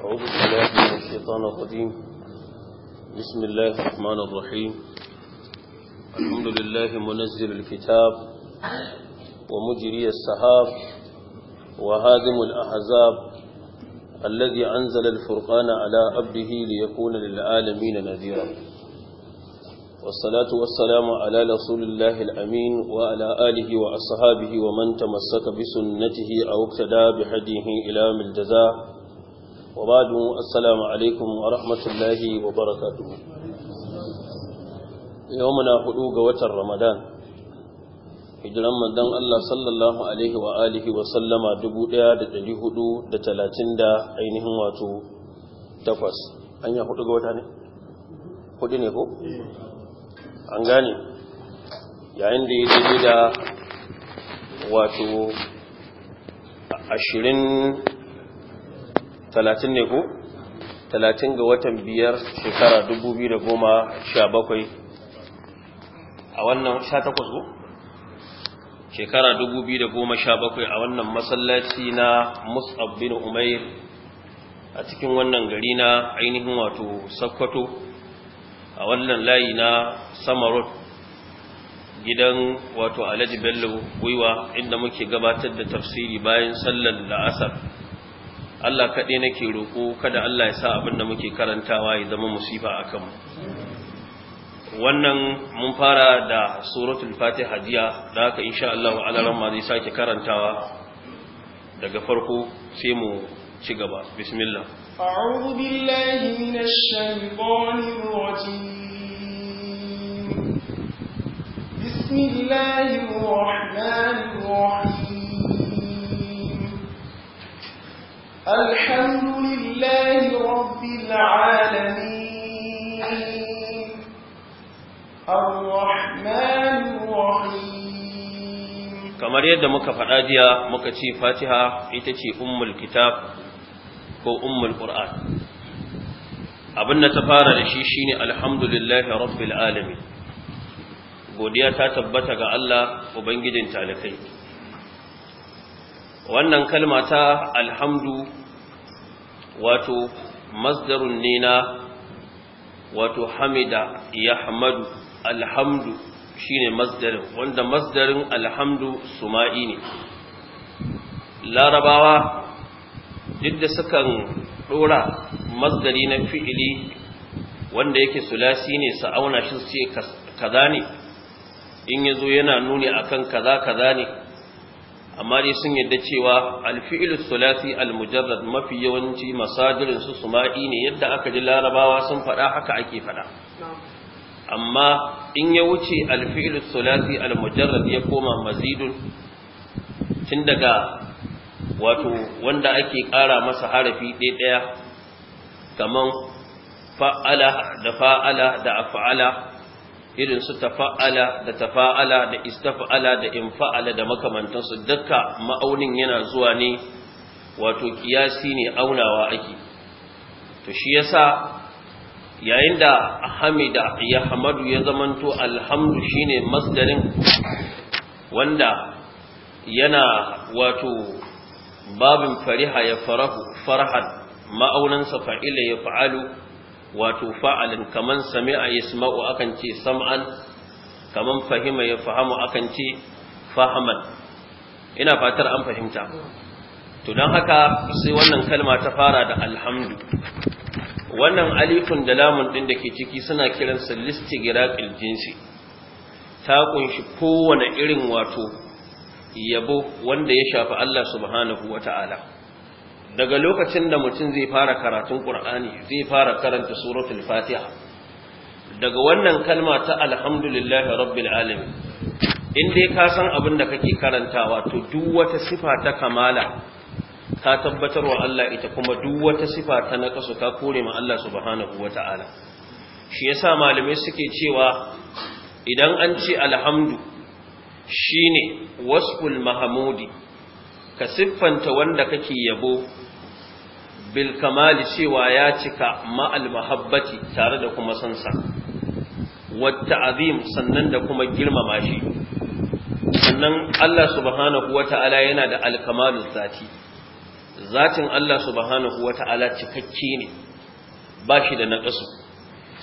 أعوذ بالله من الشيطان الرجيم بسم الله الرحمن الرحيم الحمد لله منزل الكتاب ومجري السحاب وهادم الأحزاب الذي أنزل الفرقان على عبده ليكون للعالمين نذيرا والصلاة والسلام على رسول الله الأمين وعلى آله وأصحابه ومن تمسك بسنته أو اقتدى بهديه إلى الجزاء وبعد السلام عليكم ورحمة الله وبركاته يومنا حدوق وتر رمضان hijiran manzon Allah sallallahu alaihi wa alihi wa sallama dubu 1430 da dari hudu da da talatin ainihin wato takwas an ya hudu ga wata ne hudu ne ko an gane yayin da ya daidai da wato ashirin talatin ne ko talatin ga watan biyar shekara dubu biyu da goma sha bakwai a wannan sha takwas ko shekara dubu biyu da goma sha bakwai a wannan masallaci na mus'ab bin umair a cikin wannan gari na ainihin wato sakkwato a wannan layi na samarot gidan wato alhaji bello gwiwa inda muke gabatar da tafsiri bayan sallar la'asar Allah kaɗai nake roƙo kada Allah ya sa abin da muke karantawa ya zama musifa a kanmu wannan mun fara da suratul fatiha jiya da haka insha Allah alaran ma zai sake karantawa daga farko sai mu ci gaba bismillah a'udhu billahi minash shaitanir rajim bismillahir rahmanir rahim الحمد لله رب العالمين الرحمن الرحيم kamar yadda muka faɗa jiya muka ce fatiha ita ce ummul kitab ko ummul qur'an abin da ta fara da shi shine alhamdulillahi rabbil alamin godiya ta tabbata ga Allah ubangijin talakai wannan kalma ta alhamdu wato masdarun ne na wato hamida ya hamadu alhamdu shine masdarin wanda masdarin alhamdu suma'i ne larabawa duk da sukan dora masdari na fi'ili wanda yake sulasi ne su auna shi su ce kaza ne in yazo yana nuni akan kaza kaza ne amma dai sun yadda cewa alfi'il sulasi almujarrad mafi yawanci masadirin su suma'i ne yadda aka ji larabawa sun faɗa haka ake faɗa amma in ya wuce alfi'il sulasi almujarrad ya koma mazidun tun daga wato wanda ake ƙara masa harafi ɗaya ɗaya kaman fa'ala da fa'ala da af'ala irin su tafa'ala da tafa'ala da istafa'ala da infa'ala da makamantansu dukka ma'aunin yana zuwa ne wato kiyasi ne aunawa ake to shi yasa yayin da hamida ya hamadu ya zamanto alhamdu shine masdarin wanda yana wato babin fariha ya farahu farhan ma'aunansa fa'ila ya fa'alu wato fa'alin kaman sami'a yasma'u akan ce sam'an kaman fahima ya fahamu akan ce fahaman ina fatar an fahimta to don haka sai wannan kalma ta fara da alhamdu wannan alifun da lamun ɗin da ke ciki suna kiransa listigiraqil jinsi ta ƙunshi kowane irin wato yabo wanda ya shafi Allah subhanahu ta'ala. daga lokacin da mutum zai fara karatun ƙur'ani zai fara karanta suratul Fatiha daga wannan kalma ta alhamdulillahi rabbil alamin in dai ka san abin da kake karantawa to duk wata sifa ta kamala ka tabbatar wa Allah ita kuma duk wata sifa ta nakasu ka kore ma Allah subhanahu wata'ala shi yasa malamai suke cewa idan an ce alhamdu shine wasful mahmudi ka siffanta wanda kake yabo bil kamali cewa ya cika ma'al mahabbati tare da kuma sansa wata azim sannan da kuma girmama shi sannan Allah subhanahu wata'ala yana da alkamalin zati zatin Allah subhanahu wata'ala cikakke ne ba shi da naƙasu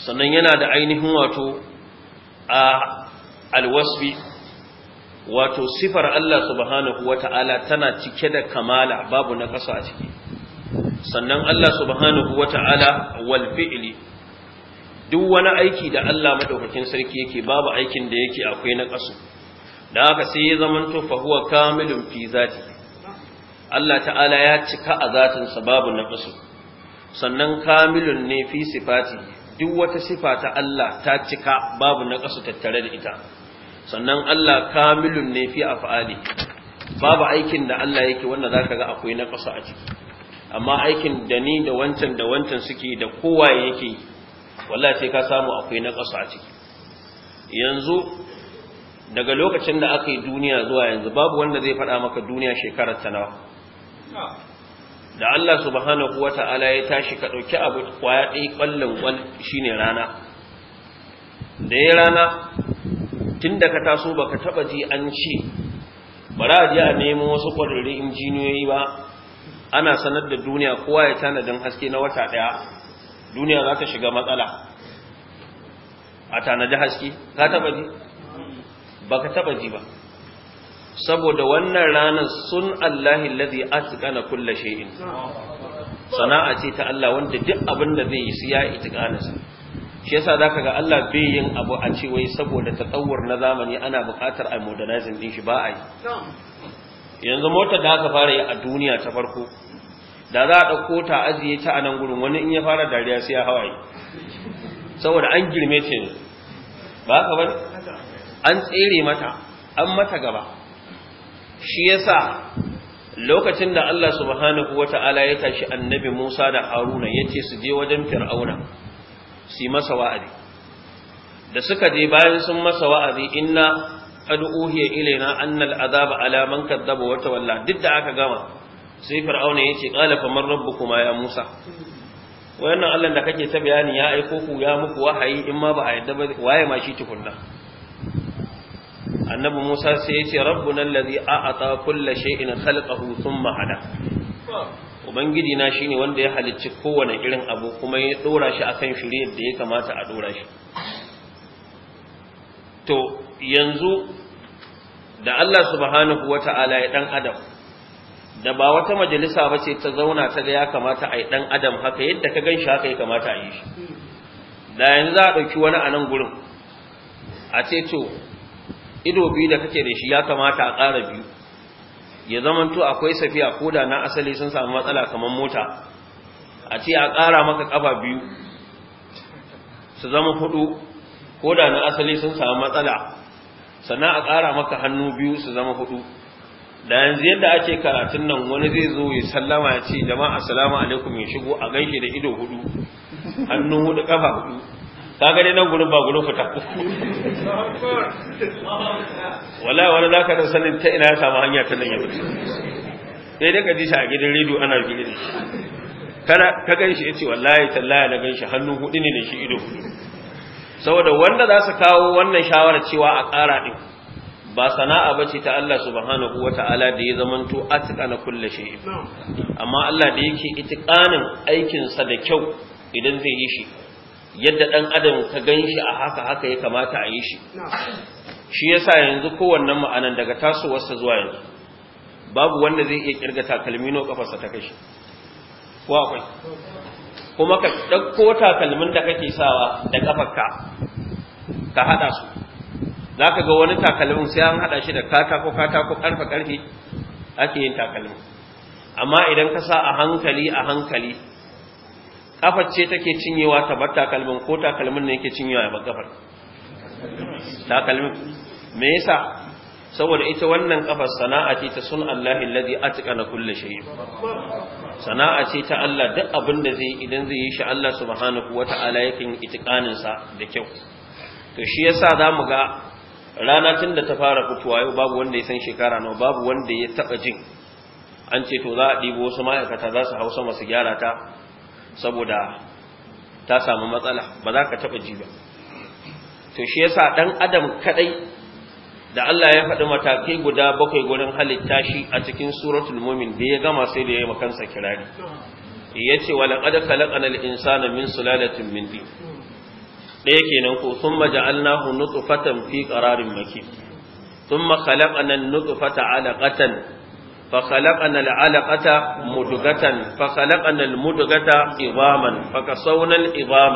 sannan yana da ainihin wato a alwasfi wato sifar Allah subhanahu wata'ala tana cike da kamala babu na kasa a ciki sannan Allah subhanahu wata'ala wal fi'li duk wani aiki da Allah madaukakin sarki yake babu aikin da yake akwai na ƙasa da haka sai ya zama to fa huwa kamilun fi zati Allah ta'ala ya cika a zatin sa babu na ƙasa sannan kamilun ne fi sifati duk wata sifa ta Allah ta cika babu na ƙasa tattare da ita sannan Allah kamilun ne fi af'ali babu aikin da Allah yake wanda zaka ga akwai na ƙasa a ciki amma aikin da ni da wancan da wancan suke da kowa yake wallahi sai ka samu akwai na ƙasa a ciki yanzu daga lokacin da aka yi duniya zuwa yanzu babu wanda zai faɗa maka duniya shekarar ta nawa da Allah subhanahu wata'ala ya tashi ka ɗauki abu kwaya ɗaya ƙwallon ƙwal shine rana da ya rana tun da ka taso ba ka taɓa ji an ce ba za a ji a nemo wasu ƙwararri injiniyoyi ba ana sanar da duniya kowa ya tanadin haske na wata ɗaya duniya za ta shiga matsala a tanadi haske ka taɓa ji ba ka taɓa ji ba saboda wannan ranar sun Allahi ladhi na kulle shi'in sana'a ce ta Allah wanda duk abin da zai yi siya itqanasa shi yasa ka ga Allah bai yin abu a ce wai saboda tsawar na zamani ana buƙatar a modernizin din shi ba a yi yanzu motar da aka fara yi a duniya ta farko da za a ɗauko ta ajiye ta a nan gurin wani in ya fara dariya sai ya hawaye saboda an girme ce ba ka bari an tsere mata an mata gaba shi yasa lokacin da Allah subhanahu wata'ala ya tashi annabi Musa da Haruna ya ce su je wajen Fir'auna su masa wa'azi da suka je bayan sun masa wa'azi inna na uhiya ilaina anna al'azaba ala man wata wa duk da aka gama sai fir'auna ya ce fa man kuma ya musa wayannan Allah da kake ta bayani ya aiko ku ya muku wahayi in ma ba a yadda ba waye ma shi tukunna annabi Musa sai yace rabbuna allazi a'ata kulla shay'in khalqahu thumma hada ubangiji na shine wanda ya halicci kowane irin abu kuma ya dora shi akan shiriyar da ya kamata a dora shi to yanzu da Allah subhanahu wata'ala ya ɗan adam da ba wata majalisa ba ce ta zauna ta ga ya kamata a yi dan adam haka yadda ka ganshi haka ya kamata a yi shi da yanzu za a ɗauki wani anan gurin a ce to ido biyu da kake da shi ya kamata a ƙara biyu ya zamantu akwai safiya ko da na asali sun samu matsala kamar mota a ce a ƙara maka ƙafa biyu su zama hudu da na asali sun samu matsala sannan a ƙara maka hannu biyu su zama hudu da yanzu yadda ake karatun nan wani zai zo ya sallama ya ce jama'a assalamu alaikum ya shigo a gaishe da ido hudu hannu hudu ƙafa hudu ka gani nan gurin ba gurin fita wala wani zaka san sanin ta ina ya samu hanya ta nan ya fita sai da ka ji shi a gidan rediyo ana gidan shi kana ka gan shi yace wallahi tallahi na gan shi hannu hudu ne da shi ido saboda wanda za su kawo wannan shawarar cewa a ƙara din ba sana'a bace ta Allah subhanahu wata'ala da ya zamanto atqana kulli shi amma Allah da yake itiqanin aikin sa da kyau idan zai yi shi yadda ɗan adam ka gan shi a haka haka ya kamata a yi shi shi ya sa yanzu kowannen ma'anan daga tasowarsa zuwa yanzu babu wanda zai iya kirga takalmi no kafarsa ta kashi ko akwai kuma ka ɗauko takalmin da kake sawa da kafarka ka haɗa su za ka ga wani takalmin sai an haɗa shi da katako katako ƙarfe ƙarfe ake yin takalmin amma idan ka sa a hankali a hankali kafar ce take cinyewa ta bar takalmin ko takalmin ne yake cinyewa ya bar kafar takalmin me yasa saboda ita wannan kafar sana'a ce ta sun Allah alladhi atqana kulli shay sana'a ce ta Allah duk abin da zai idan zai yi shi Allah subhanahu wata'ala yakin itiqanin sa da kyau to shi yasa zamu ga rana tun da ta fara fitowa yau babu wanda ya san shekara nawa babu wanda ya taba jin an ce to za a dibo wasu ma'aikata za su hausa masu gyara ta saboda ta samu matsala ba za ka taɓa ji ba to shi yasa ɗan adam kaɗai da Allah ya faɗi matakai guda bakwai gurin halitta shi a cikin suratul mumin da ya gama sai da ya yi makansa kirari ya ce wa laƙad insana min sulalatin min din ɗaya kenan ko sun maja'alnahu nutfatan fi qararin makin thumma khalaqana an-nutfata 'alaqatan فخلقنا العلقة مدغة فخلقنا المدغة عظاما فكسونا العظام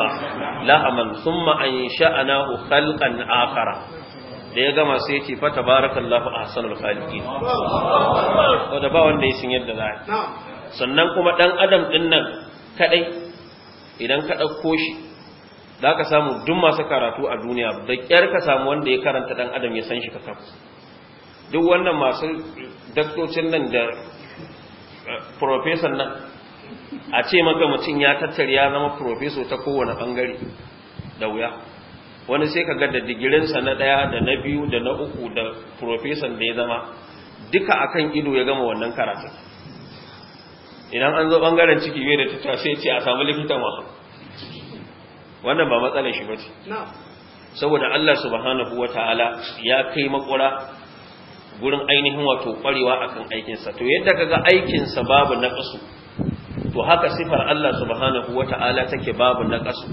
لحما ثم أنشأناه خلقا آخر da ya gama sai ce fa a ahsanul khaliqin wanda ba wanda ya san yadda za'a. sannan kuma dan adam din nan kadai idan ka dauko shi zaka samu duk masu karatu a duniya da kyar ka samu wanda ya karanta dan adam ya san shi ka kafa duk wannan masu daktocin nan da eh, profesan nan a ce maka mutum ya tattar ya zama profeso ta kowane bangare da wuya wani sai ka ga digirinsa na ɗaya da na biyu da na uku da profesan da ya zama duka akan ido ya gama wannan karatu idan an zo bangaren ciki mai da tuta sai ce a samu likitan wa wannan ba matsalar shi ba ce saboda Allah subhanahu wa ta'ala ya kai makura gurin ainihin wato kwarewa akan aikinsa to yadda kaga aikinsa babu naqasu to haka sifar Allah subhanahu wata'ala take babu naqasu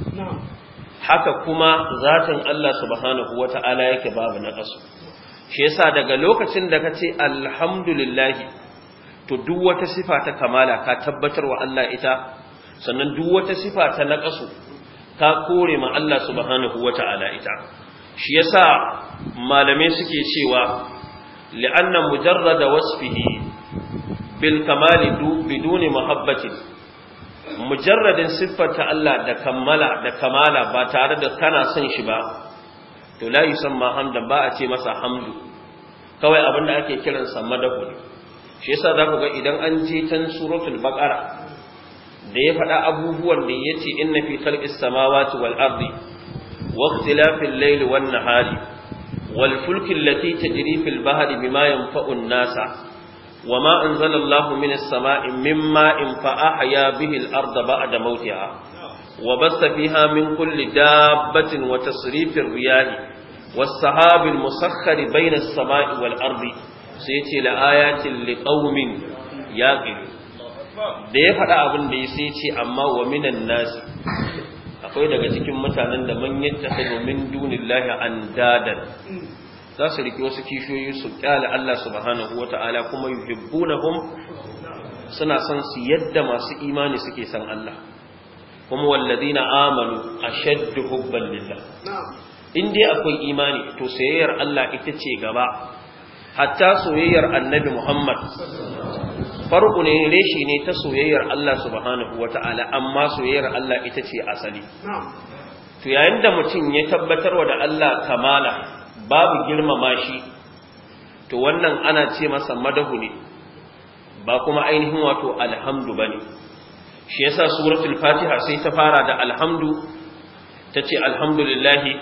haka kuma zatin Allah subhanahu wata'ala yake babu naqasu shi yasa daga lokacin da kace alhamdulillahi to duk wata sifa ta kamala ka tabbatar wa Allah ita sannan duk wata sifa ta naqasu ka kore ma Allah subhanahu wata'ala ita shi yasa malamai suke cewa li'anna mujarrada wasfihi bil kamali biduni mahabbatin mujarradin siffata Allah da kammala da kamala ba tare da kana son shi ba to la yusamma ba a ce masa hamdu kawai abinda ake kiran kiransa madahu shi yasa za ku ga idan an je tan suratul baqara da ya faɗa abubuwan da ya ce inna fi khalqis samawati wal ardi wa ikhtilafil layli wan wal fulki allati tajri fil bahri bima yanfa'u an-nasa wama anzala Allahu minas sama'i mimma in fa'ahya bihi al-arda ba'da mawtiha wa basta fiha min kulli dabbatin wa tasrifir riyahi والسحاب المسخر بين السماء والأرض سيتي لآيات لقوم ياقلون da ya faɗa abin da ya sai amma wa minan nasi akwai daga cikin mutanen da manyan yattakhidhu domin dunillahi andadan za su riki wasu kishiyoyi su kyale Allah subhanahu wataala kuma yuhibbunahum suna son su yadda masu imani suke son Allah kuma na amanu ashaddu hubban lilla in dai akwai imani to sayayyar Allah ita ce gaba hatta soyayyar annabi Muhammad farko ne reshi ne ta soyayyar Allah subhanahu wata'ala amma soyayyar Allah ita ce asali to yayin da mutum ya tabbatar wa da Allah kamala babu girmama shi to wannan ana ce masa madahu ne ba kuma ainihin wato alhamdu bane shi yasa suratul fatiha sai ta fara da alhamdu tace alhamdulillahi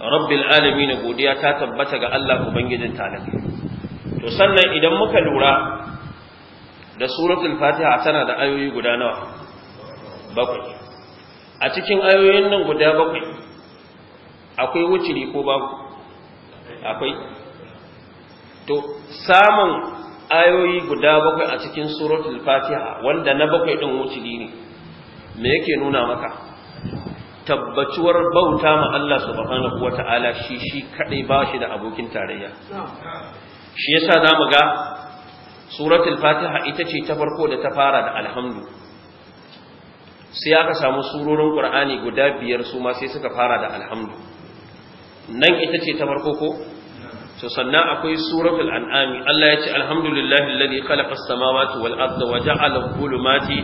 rabbil alamin godiya ta tabbata ga Allah ubangijin talakai to sannan idan muka lura da suratul fatiha tana da ayoyi guda nawa bakwai a cikin ayoyin nan guda bakwai akwai wuciri ko babu akwai to samun ayoyi guda bakwai a cikin suratul fatiha wanda na bakwai din wuciri ne me yake nuna maka tabbacuwar bauta ma Allah subhanahu wata'ala shi shi kadai ba shi da abokin tarayya shi yasa zamu ga suratul fatiha ita ce ta farko da ta fara da alhamdu sai aka samu surorin qur'ani guda biyar su ma sai suka fara da alhamdu nan ita ce ta farko ko to sannan akwai suratul an'ami Allah ya ce alhamdulillahi alladhi khalaqa as-samawati wal arda wa ja'ala al-dhulumati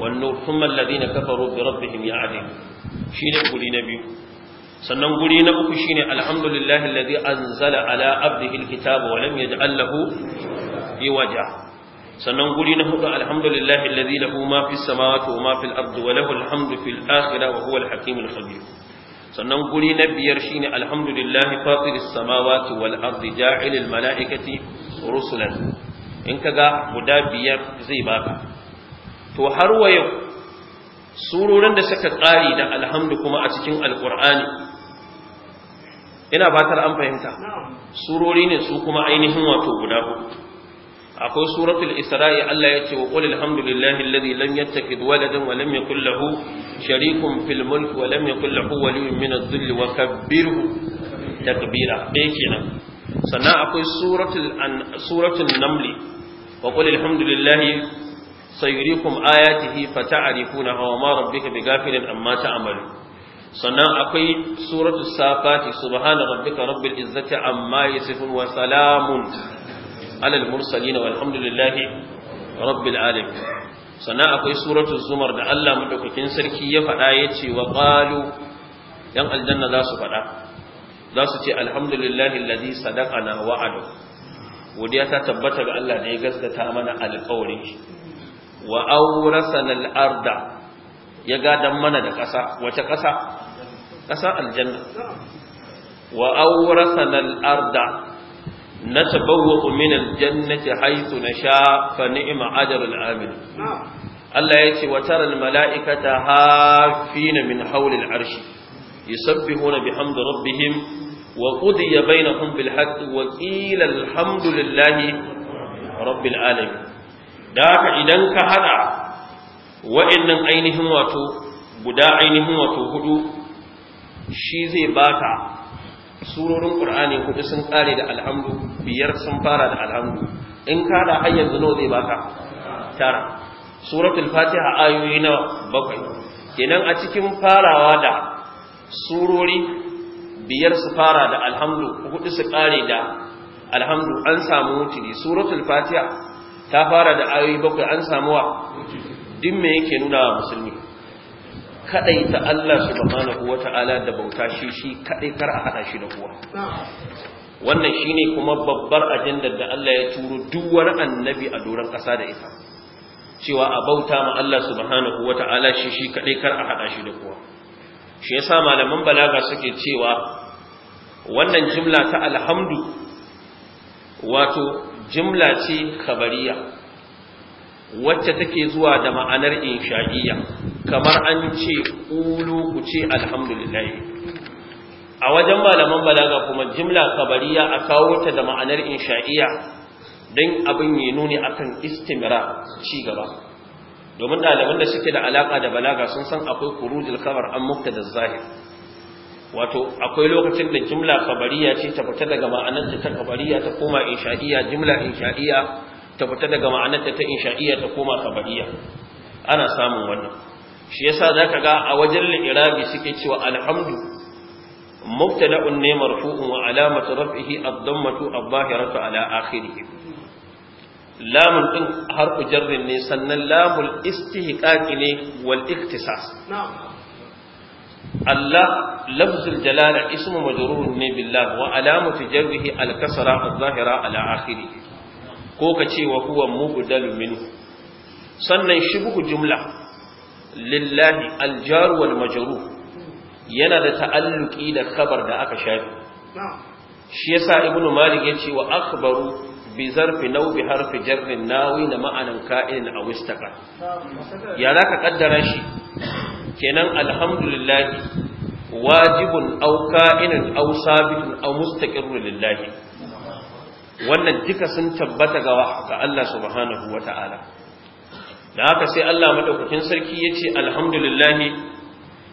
wan nur thumma alladhina kafaru bi rabbihim ya'dilun shine guri na biyu sannan guri na uku shine alhamdulillahi alladhi anzala ala abdihi al-kitaba wa lam yaj'al lahu fi waja sannan guri na hudu alhamdulillah alladhi lahu ma fis samawati wa ma fil ardi wa lahu alhamdu fil akhirah wa huwa al hakim al khabir sannan guri na biyar shine alhamdulillah fatiris samawati wal ardi ja'il al malaikati rusulan in kaga guda biyar zai baka to har wa yau surorin da suka tsari da alhamdu kuma a cikin alqur'ani ina fatar an fahimta surori ne su kuma ainihin wato guda hudu akwai suratul isra'i Allah ya ce wa qul alhamdulillahi alladhi lam yattakhid waladan wa lam yakul lahu sharikun fil mulk wa lam yakul lahu waliyyun min adh-dhilli wa kabbirhu takbira dai kenan sannan akwai suratul suratul naml wa qul alhamdulillahi sayurikum ayatihi fata'rifunaha wa ma rabbuka bighafilin amma ta'malu sannan akwai suratul safati subhana rabbika rabbil izzati amma yasifun wa salamun alal mursalin walhamdulillahi rabbil alamin sannan akwai suratul zumar da Allah madaukakin sarki ya faɗa yace wa qalu yan aljanna za su faɗa za su ce alhamdulillahi sadaka na wa'ada godiya ta tabbata ga Allah da ya gaskata mana alƙawarin wa awrasana al-arda ya gadan mana da ƙasa wace ƙasa ƙasa aljanna wa awrasana al-arda Na natabawwa'u min aljannati haythu nasha fa ni'ma ajrul amil Allah yace wa taral mala'ikata hafina min hawlil arshi yusabbihuna bihamdi rabbihim wa qudiya bainahum bil haqqi wa qila alhamdulillahi rabbil alamin da haka idan ka haɗa wa'annan ainihin wato guda ainihin wato hudu shi zai baka surorin qur'ani hudu sun kare da alhamdu biyar sun fara da alhamdu in kada har yanzu nawa zai baka tara suratul fatiha ayoyi nawa bakwai kenan a cikin farawa da surori biyar su fara da alhamdu hudu su kare da alhamdu an samu mutune suratul fatiha ta fara da ayoyi bakwai an samu wa din me yake nuna wa musulmi kadaita Allah subhanahu wata'ala da bauta shi shi kadai kar a hada shi da kowa wannan shine kuma babbar ajandar da Allah ya turo duk wani annabi a doron kasa da ita cewa a bauta ma Allah subhanahu wata'ala shi shi kadai kar a hada shi da kowa shi yasa malaman balaga suke cewa wannan jimla ta alhamdu wato jimla ce kabariya wacce take zuwa da ma'anar insha'iyya kamar an ce ƙulu ku ce alhamdulillah a wajen malaman balaga kuma jimla kabariya a kawo ta da ma'anar insha'iyya don abin yi nuni akan istimira ci gaba domin ɗaliban da suke da alaka da balaga sun san akwai kurujil kabar an mukta da zahir wato akwai lokacin da jimla kabariya ce ta fita daga ma'anarta ta kabariya ta koma insha'iyya jimla insha'iyya ta fita daga ma'anarta ta insha'iyya ta koma kabariya ana samun wannan shi yasa zaka ga a wajen al-irabi suke cewa alhamdu mubtada'un ne marfu'un wa alamatu raf'ihi ad-dammatu adh-dhahiratu ala akhirih lamun din harfu jarrin ne sannan lamul istihqaqi ne wal iktisas na'am الله لفظ الجلالة اسم مجرور بالله وعلامة جره الكسرة الظاهرة على آخره ko ka ce wa huwa mubdalu minhu sannan shibhu jumla lillahi aljar wal majrur yana da ta'alluki da khabar da aka shafi shi yasa ibnu malik yace wa akhbaru bi zarfi naw bi harfi jarrin nawi da ma'anan ka'in aw istaqa ya za ka kaddara shi kenan alhamdulillah wajibun aw ka'inun aw sabitun aw mustaqirrun lillahi wannan duka sun tabbata ga Allah subhanahu wa ta'ala da haka sai Allah maɗaukakin sarki ya ce alhamdulillahi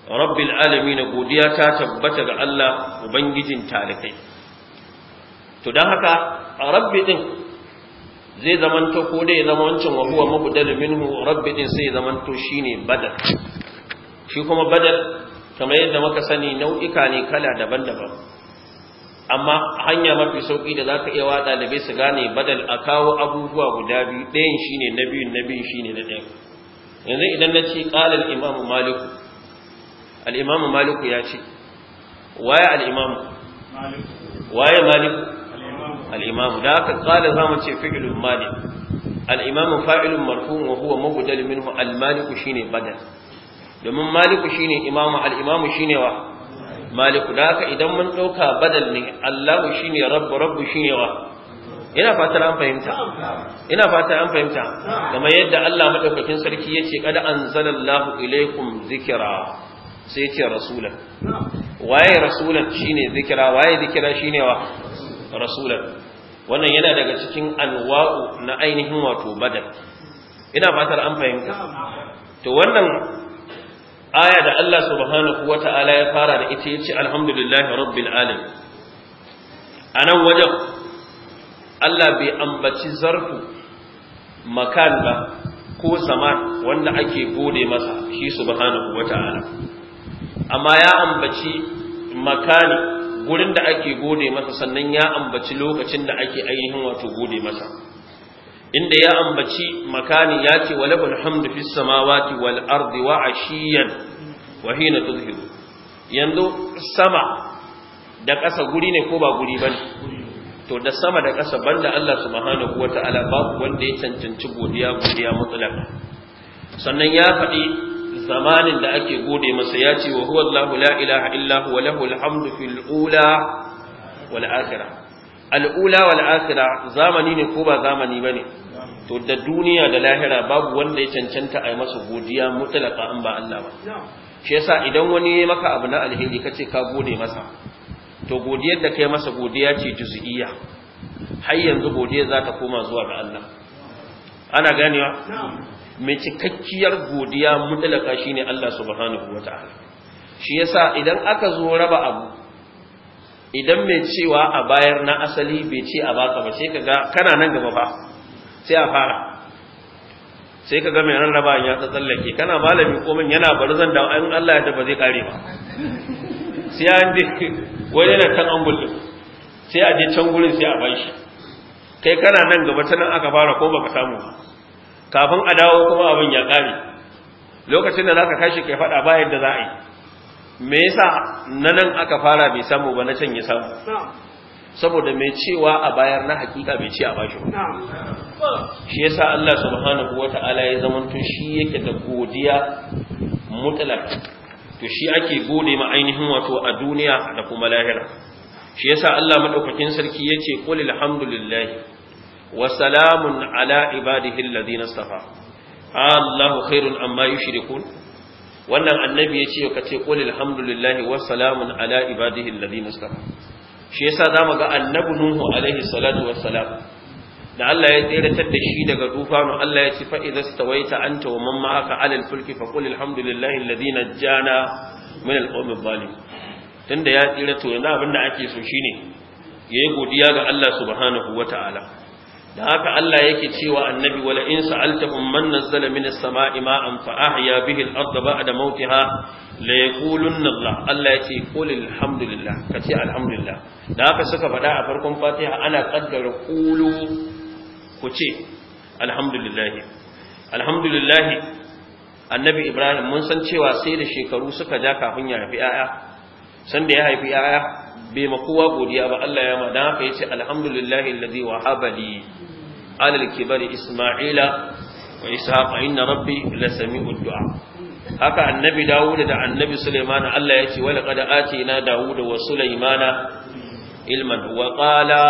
rabbil na godiya ta tabbata ga Allah ubangijin talikai to dan haka rabbi ɗin zai zamanto ko dai ya zama wancan wa huwa mubdal minhu rabbi ɗin sai ya zamanto shine badal shi kuma badal kamar yadda muka sani nau'ika ne kala daban-daban amma hanya mafi sauki da za ka iya wa ɗalibai su gane badal a kawo abubuwa guda biyu ɗayan shi ne na biyun na biyun ne na ɗayan yanzu idan na ce qala al imamu malik al malik ya ce waye al’imamu malik waye malik al’imamu da aka haka za mu ce fi’ilun mali al’imamu fa'ilun marfu' wa huwa mubdal minhu al shi shine badal domin malik shine imamu al'imamu shine wa maliku da haka idan mun ɗauka badal ne allahu shi shine rabbu shi ne, wa ina fatan an fahimta ina fatan an fahimta kamar yadda Allah madaukakin sarki ya ce, kada an anzalallahu ilaikum zikira sai ce rasulan waye rasulan ne zikira, waye zikira shi ne wa rasulan wannan yana daga cikin anwa'u na ainihin wato badal ina fatan an fahimta to wannan aya da Allah subhanahu ta'ala ya fara da ita yace alhamdulillahi rabbil alamin anan wajen Allah bai ambaci zarfu makan ba ko saman wanda ake gode masa shi subhanahu ta'ala. amma ya ambaci makani gurin da ake gode masa sannan ya ambaci lokacin da ake ainihin wato gode masa inda ya ambaci makani ya ce wa labal hamdu fis samawati wal ardi wa ashiyan wa hina tuzhiru yanzu sama da ƙasa guri ne ko ba guri bane to da sama da ƙasa banda Allah subhanahu wata'ala babu wanda ya cancanci godiya godiya mutlaka sannan ya faɗi zamanin da ake gode masa ya ce wa huwa Allah la ilaha illa huwa lahul hamdu fil ula wal akhirah al ula wal akhirah zamani ne ko ba zamani bane to da duniya da lahira babu wanda ya cancanta a yi masa godiya mutlaka an ba Allah ba shi yasa idan wani ya maka abu na alheri kace ka gode masa to godiyar da kai masa godiya ce juz'iyya har yanzu godiyar za ta koma zuwa ga Allah ana ganewa mai cikakkiyar godiya mutlaka shine Allah subhanahu wataala shi yasa idan aka zo raba abu idan mai cewa a bayar na asali bai ce a baka ba sai kaga kana nan gaba ba sai a fara sai ka ga mai ya tsallake kana malami ko yana barzan da an Allah ya tafi zai kare ba sai an je wajen da kan angul sai a je can gurin sai a shi. kai kana nan gaba ta nan aka fara ko baka samu kafin a dawo kuma abin ya kare lokacin da za ka kashi kai faɗa bayan da za a yi me yasa nan aka fara bai samu ba na can ya samu saboda mai cewa a bayar na hakika bai ce a bashi shi yasa Allah subhanahu wata'ala ya zamanto shi yake da godiya mutlak to shi ake gode ma ainihin wato a duniya da kuma lahira shi yasa Allah madaukakin sarki yace qul alhamdulillah wa salamun ala ibadihi alladhina istafa Allahu khairun amma yushrikun wannan annabi yace ka ce qul alhamdulillah wa salamun ala ibadihi alladhina istafa shi yasa zamu ga annabi nuhu alaihi salatu wassalam da Allah ya tseratar da shi daga dufanu Allah ya ci fa idza stawaita anta wa man ma'aka alal fulki fa qul alhamdulillahi alladhi najjana min al-qawmi adh-dhalim tunda ya tsere to yanzu abinda ake so shine yayi godiya ga Allah subhanahu wata'ala da haka Allah yake cewa annabi wala in sa'altahum man nazzala minas sama'i ma'an fa ahya bihi al-ardha ba'da mautiha la yaqulunna Allah Allah yace qul alhamdulillah ce, alhamdulillah da haka suka faɗa a farkon Fatiha ana kaddara qulu ku ce alhamdulillah alhamdulillah annabi Ibrahim mun san cewa sai da shekaru suka ja kafin ya haifi 'ya'ya san da ya haifi 'ya'ya bai ma kowa godiya ba Allah ya ma dan haka yace alhamdulillahi alladhi wahaba li Alal al isma'ila wa ishaqa inna rabbi lasami'ud du'a haka annabi dawud da annabi sulaiman Allah yace wa laqad atina dawud wa sulaimana ilman wa qala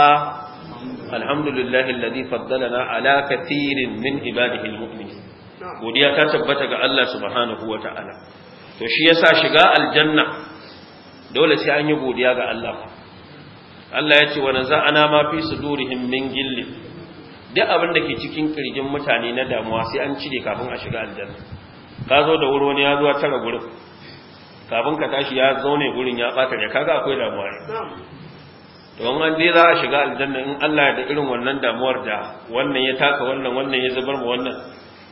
alhamdulillahi alladhi faddalana ala kathirin min ibadihi al godiya ta tabbata ga Allah subhanahu wa ta'ala to shi yasa shiga aljanna dole sai an yi godiya ga Allah Allah ya ce wa ana ma fi sudurihim min gilli duk abin da ke cikin kirjin mutane na damuwa sai an cire kafin a shiga aljanna ka zo da wuri wani ya zo tara gurin kafin ka tashi ya zaune gurin ya bata ne kaga akwai damuwa ne to an dai za a shiga aljanna in Allah ya da irin wannan damuwar da wannan ya taka wannan wannan ya zubar mu wannan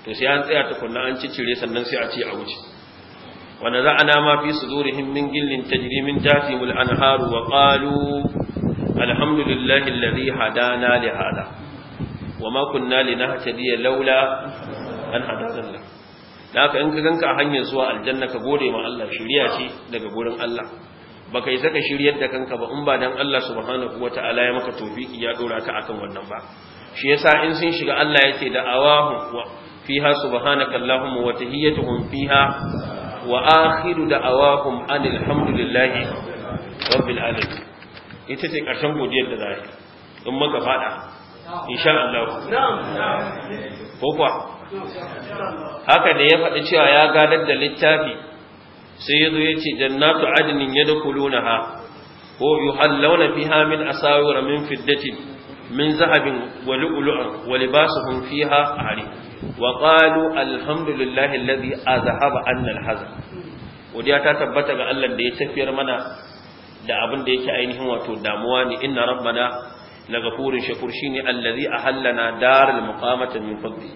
to sai an tsaya tukunna an ci cire, sannan sai a ci a wuce ونزعنا ما في صدورهم من جل تجري من تحتهم الأنهار وقالوا الحمد لله الذي هدانا لهذا وما كنا لنهتدي لولا أن هدانا الله لك إنك كنك أهني زوا الجنة كبوري مع الله شريعتي لك بورن الله baka yi saka shiryar da kanka ba in ba dan Allah subhanahu wataala ya maka tofiki ya dora ka akan wannan ba shi yasa in sun shiga Allah yake da awahu fiha subhanaka allahumma wa tahiyyatuhum fiha wa akhiru da'awahum anil hamdulillahi rabbil alamin ita ce karshen godiyar da zai in muka fada insha ko kuwa haka da ya faɗi cewa ya gadar da littafi sai yazo yace jannatu adnin yadkhulunaha ko yuhallawna fiha min a min fiddatin min zahabin wa lu'lu'an wa libasuhum fiha hari wa qalu alhamdulillahi alladhi azhaba anna alhazan godiya ta tabbata ga Allah da ya tafiyar mana da abin da yake ainihin wato damuwa ne inna rabbana lagafurun shakur shine allazi ahallana daral muqamata min fadli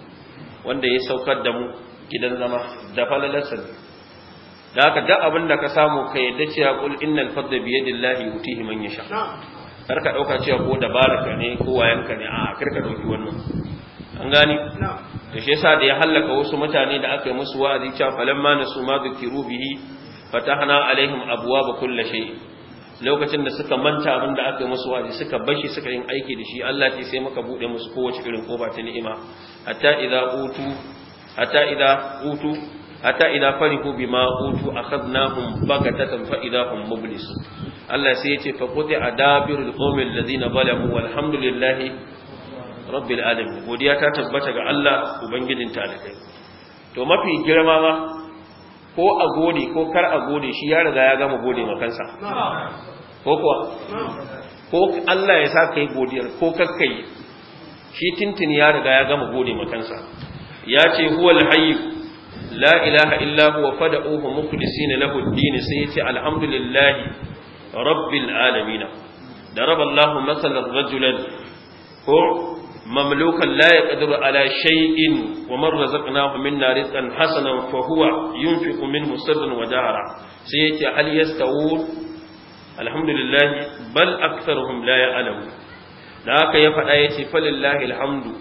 wanda ya saukar da mu gidan zama da falalarsa da haka duk abin da ka samu ka yadda cewa qul innal fadla bi yadillahi yutihi man yasha Karka ka ɗauka cewa ko dabaraka ne ko wayanka ne a karka ka ɗauki wannan an gani da shi yasa da ya hallaka wasu mutane da aka yi musu wa'azi cewa falamma nasu ma dhukiru bihi fatahna alaihim ba kulli shay lokacin da suka manta abin da aka yi musu wa'azi suka bashi suka yin aiki da shi Allah ce sai muka bude musu kowace irin koba ta ni'ima hatta idza utu hatta idza utu hatta idza farihu bima utu akhadnahum bagatatan fa idahum mublis Allah sai ce fa quti adabirul qawmil ladina zalamu walhamdulillahi rabbil alamin godiya ta tabbata ga Allah ubangijin talakai to mafi girma ma ko a gode ko kar a gode shi ya riga ya gama gode ma kansa ko kuwa ko Allah ya sa kai godiyar ko kakkai shi tintin ya riga ya gama gode ma kansa ya ce huwal hayyu la ilaha illa huwa fad'uhu mukhlisin lahu ad-din sai yace alhamdulillahi rabbil alamin da raballahu masalan rajulan ko mamlukan la yaqdiru ala shay'in wa man razaqnahu minna rizqan hasanan fa huwa yunfiqu minhu sirran wa jahra sai yace hal yastawu alhamdulillah bal aktharuhum la ya'lamu da haka ya faɗa yace falillahi alhamdu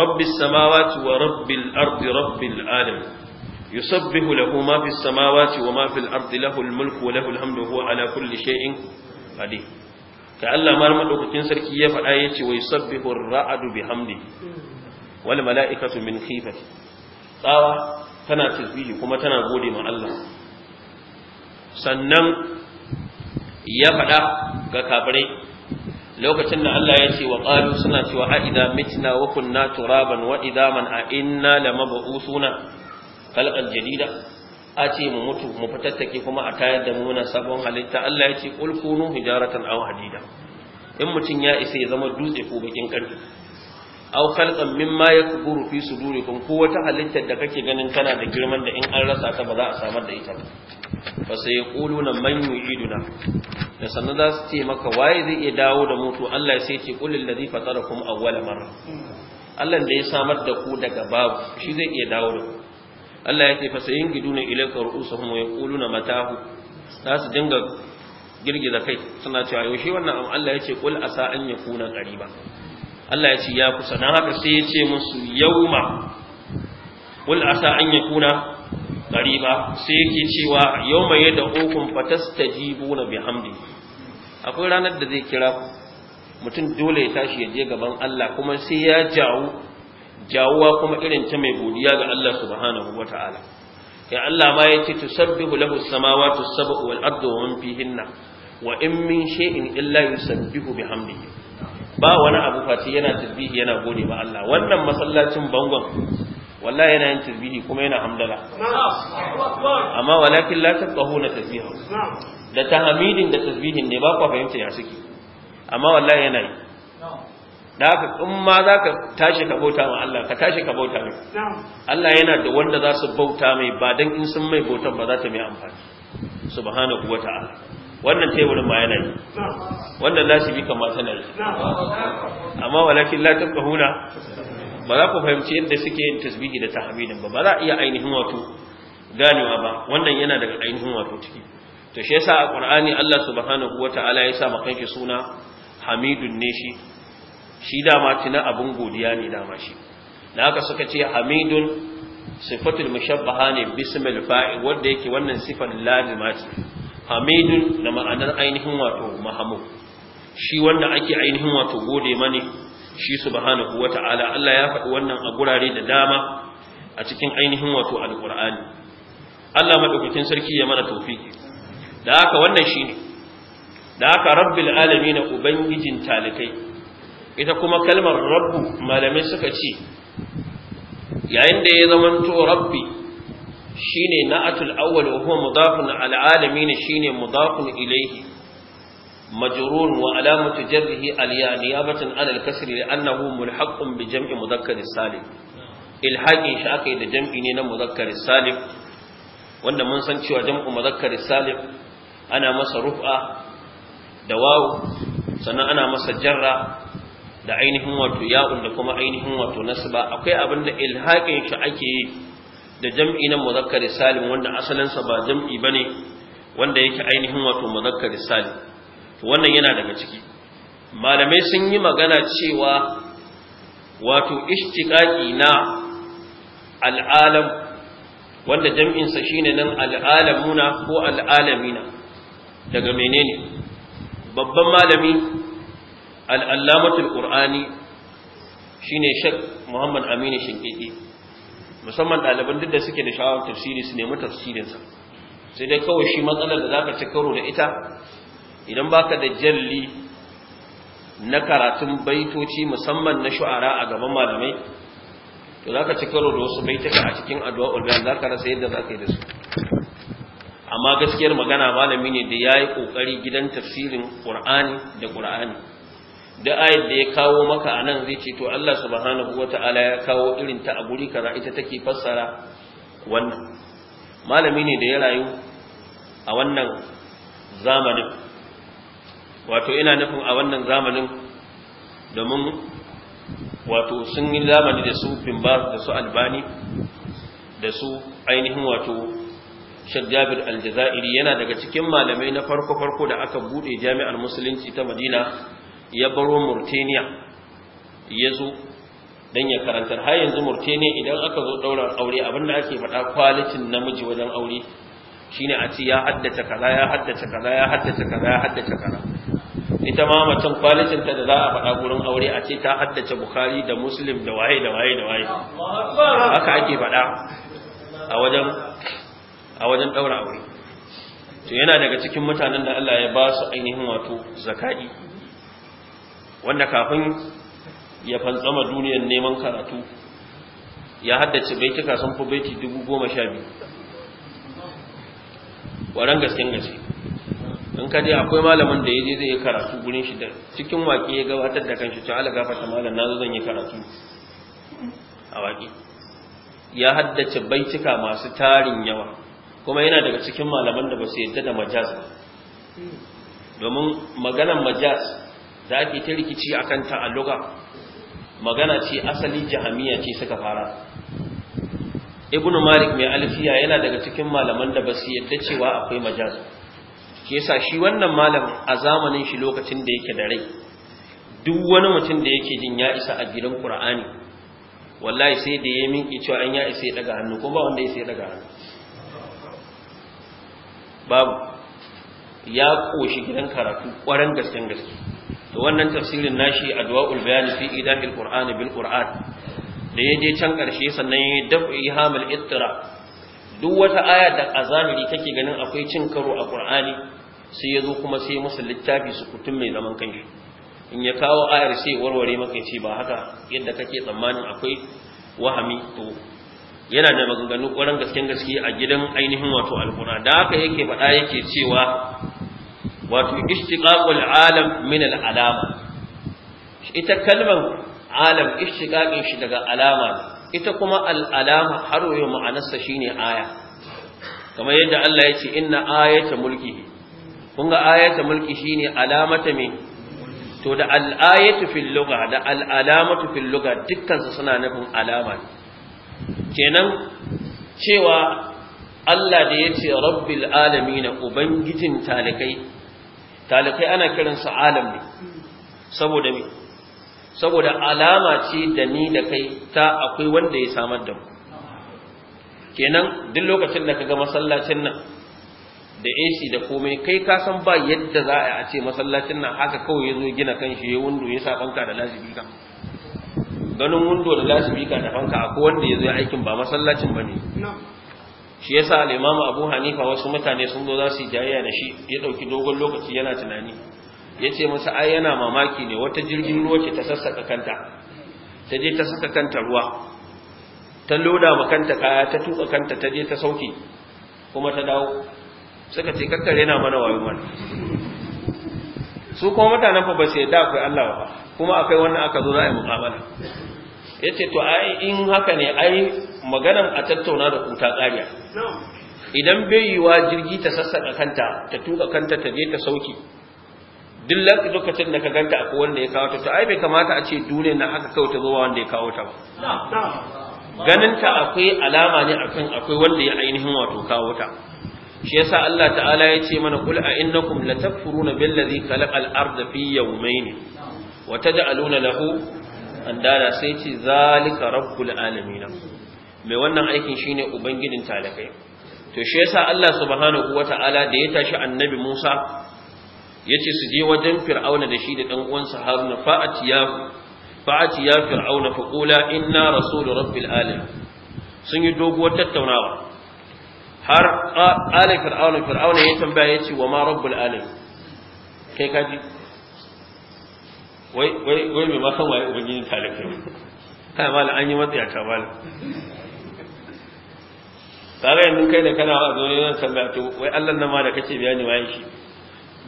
rabbis samawati wa rabbil ardi rabbil alamin yusabbihu lahu ma fis samawati wa ma fil ardi wa lahu al ala kulli shay'in qadir ka Allah mar madaukakin sarki ya faɗa yace wa yusabbihu ar-ra'du bihamdihi wal mala'ikatu min khifati tsawa tana tasbihi kuma tana gode ma Allah sannan ya faɗa ga kafirai lokacin da Allah ya ce wa suna cewa a mitna wa turaban wa a inna suna? khalqan jadida a ce mu mutu mu fitattake kuma a tayar da mu na sabon halitta Allah ya ce qul kunu hijaratan aw hadida in mutun ya isa ya zama dutse ko bakin karfi aw khalqan mimma yakburu fi sudurikum ko wata halittar da kake ganin kana da girman da in an rasa ta ba za a samar da ita ba fa sai yaquluna man yu'iduna da sannan za su ce maka waye zai iya dawo da mutu Allah sai ce qul allazi fatarakum awwala marra Allah da ya samar da ku daga babu shi zai iya dawo da ku Allah ya ce fa yingidu giduna ilayka ru'usuhum wa yaquluna matahu za su dinga girgiza kai suna cewa yaushe wannan am Allah ya ce qul asa an yakuna qariba Allah ya ce ya kusa dan haka sai ya ce musu yauma qul asa an yakuna qariba sai yake cewa yauma yad'ukum fatastajibuna bihamdi akwai ranar da zai kira mutum dole ya tashi ya je gaban Allah kuma sai ya jawo jawuwa kuma irin ta mai godiya ga Allah subhanahu wata'ala ya Allah ma yace tusabbihu lahu samawati sab'u wal ardu wa man fihinna wa in min shay'in illa yusabbihu bihamdihi ba wani abu fati yana tasbihi yana gode ba Allah wannan masallacin bangon wallahi yana yin tasbihi kuma yana hamdala amma walakin la tafqahuna tasbihu da tahmidin da tasbihin ne ba ku fahimta ya suke amma wallahi yana yi da haka in ma za ka tashi ka bauta ma Allah ka tashi ka bauta mai Allah yana da wanda za su bauta mai ba don in sun mai bautan ba za ta mai amfani subhanahu wa ta'ala wannan teburin ma yana yi wannan bi kama tana yi amma walakin la huna ba za ku fahimci yadda suke yin tasbihi da tahmidin ba ba za a iya ainihin wato ganewa ba wannan yana daga ainihin wato ciki to shi yasa a qur'ani Allah subhanahu wataala ya sa makanki suna hamidun ne shi shi dama tuna abin godiya ne dama shi da aka suka ce hamidun sifatul mushabbaha ne bismil fa'il wanda yake wannan sifar lazima ce hamidun da ma'anar ainihin wato mahamu shi wanda ake ainihin wato gode mani shi subhanahu wata'ala Allah ya faɗi wannan a gurare da dama a cikin ainihin wato alqur'ani Allah madaukakin sarki ya mana tawfiki da haka wannan shine da haka rabbil alamin ubangijin talikai ita kuma kalmar rabbu malamai suka ce yayin da ya zamanto rabbi shine na'atul awwal wa huwa mudafun al alamin shine mudafun ilayhi majrur wa alamatu jarrihi al ya niyabatan ala al kasri li'annahu mulhaqun bi jam'i mudhakkar salim ilhaqin shi akai da jam'i ne na mudhakkar salim wanda mun san cewa jam'u mudhakkar salim ana masa rufa da wawu sannan ana masa jarra da ainihin wato ya'un da kuma ainihin wato nasba akwai abin da ilhaqin shi ake yi da jam'i na muzakkar salim wanda asalinsa ba jam'i bane wanda yake ainihin wato muzakkar salim to wannan yana daga ciki malamai sun yi magana cewa wato ishtiqaqi na al'alam wanda jam'in sa shine nan al'alamuna ko al'alamina daga menene babban malami al'allamatul ƙur'ani shi ne shek muhammad aminu shinkiki musamman ɗaliban duk da suke da sha'awar tafsiri su nemi tafsirinsa sai dai kawai shi matsalar da za ka ci karo da ita idan baka da jalli na karatun baitoci musamman na shu'ara a gaban malamai to za ka ci karo da wasu baitaka a cikin addu'a ulbayan za ka rasa yadda za ka yi da su amma gaskiyar magana malami ne da ya yi ƙoƙari gidan tafsirin ƙur'ani da ƙur'ani da ayat da ya kawo maka anan zai ce to Allah subhanahu wata'ala ya kawo irin ta a guri kaza ita take fassara wannan malami ne da ya rayu a wannan zamanin wato ina nufin a wannan zamanin domin wato sun yi zamani da su Bimbar da su Albani da su ainihin wato Sheikh Jabir Aljazairi yana daga cikin malamai na farko-farko da aka bude Jami'ar Musulunci ta Madina ya baro murtaniya ya zo don ya karantar har yanzu murtaniya idan aka zo daura aure abinda ake faɗa kwalitin namiji wajen aure shine a ce ya haddace kaza ya haddace kaza ya haddace kaza ya haddace kaza ita ma macen kwalitin ta da za a faɗa gurin aure a ce ta haddace bukhari da muslim da waye da waye da waye haka ake faɗa a wajen a wajen ɗaura aure to yana daga cikin mutanen da Allah ya ba su ainihin wato zakai wanda kafin ya fantsama duniyar neman karatu ya haddace baitika sun fi baiti dubu goma sha biyu waran gaskin gaske in ka je akwai malamin da ya je zai yi karatu gurin shi da cikin waƙe ya gabatar da kanshi to ala gafarta malam na zan yi karatu a waƙe ya haddace baitika masu tarin yawa kuma yana daga cikin malaman da ba su yadda da majaz domin maganan majaz zaki ta rikici a kanta a magana ce asali jahamiya ce suka fara ibn malik mai alfiya yana daga cikin malaman da ba su yadda cewa akwai majaz ke sa shi wannan malam a zamanin shi lokacin da yake da rai duk wani mutum da yake jin ya isa a gidan qur'ani wallahi sai da ya minki cewa an ya isa ya daga hannu ko ba wanda ya sai daga hannu babu ya ƙoshi gidan karatu ƙwarar gasken gaske to wannan tafsirin nashi adwa'ul bayan fi idahil qur'an bil qur'an da yaje can karshe sannan yayi dafu, hamil ittira duk wata aya da azamiri take ganin akwai cin karo a qur'ani sai yazo kuma sai musu littafi su kutum mai zaman kanki in ya kawo ayar sai warware maka ce ba haka yadda kake tsammanin akwai wahami to yana da maganganu ƙwarar gaske gaske a gidan ainihin wato alkuna da haka yake faɗa yake cewa wato ishtiqaqul alam min al alama ita kalmar alam ishtiqaqin shi daga alama ita kuma al alama har yau ma'anarsa shine aya kamar yadda Allah ya ce inna ayata mulkihi kun ga ayata mulki shine alamata me to da al-ayatu fil lugha da al-alamatu fil lugha dukkan su suna nufin alama kenan cewa Allah da yace rabbil alamin ubangijin talikai talikai ana kiransu alam ne saboda me saboda alama ce da ni da kai ta akwai wanda ya samar da mu kenan duk lokacin da kaga masallacin nan da AC da komai kai ka san ba yadda za a ce masallacin nan haka kawai ya zo gina kanshi ya wundo ya sa banka da lasibika ganin wundo da lasibika da banka akwai wanda ya zo aikin ba masallacin ba ne shi yasa al-imam abu hanifa wasu mutane sun zo za su jayya da shi ya dauki dogon lokaci yana tunani yace masa ai yana mamaki ne wata jirgin ruwa ce ta sassaka kanta ta je ta saka kanta ruwa ta loda ma kanta kaya ta tuka kanta ta je ta sauke kuma ta dawo suka ce kakkare na mana wayo mana su kuma mutanen fa ba su yadda akwai Allah ba kuma akwai wannan aka zo za a yi muƙabala ya ce to ai in haka ne ai maganan a tattauna da kuta tsariya idan bai yiwa jirgi ta sassaka kanta ta tuka kanta ta je ta sauki duk lokacin da ka ganta akwai wanda ya kawo ta to ai bai kamata a ce duniya na haka kawai ta zuwa wanda ya kawo ta ba ta akwai alama ne akan akwai wanda ya ainihin wato kawo ta shi yasa Allah ta'ala ya ce mana kul a innakum latakfuruna billazi khalaqa al-ardha fi yawmayn wa taj'aluna lahu andada sai ce zalika rabbul alamin mai wannan aikin shine ubangijin talakai to shi yasa Allah subhanahu wataala da ya tashi annabi Musa yace su je wajen fir'auna da shi da dan uwansa Haruna fa'atiya fa'atiya fir'auna fa qula inna rasul rabbil alamin sun yi doguwar tattaunawa har ala fir'auna fir'auna ya tambaya yace wa ma rabbul alamin kai kaji wai mai makon bai ma san waye ubangijin talibai ba kai mala an yi matsaya ta mala kaga yanzu kai da kana a zo yana sallah to wai Allah nan ma da kace bayani waye shi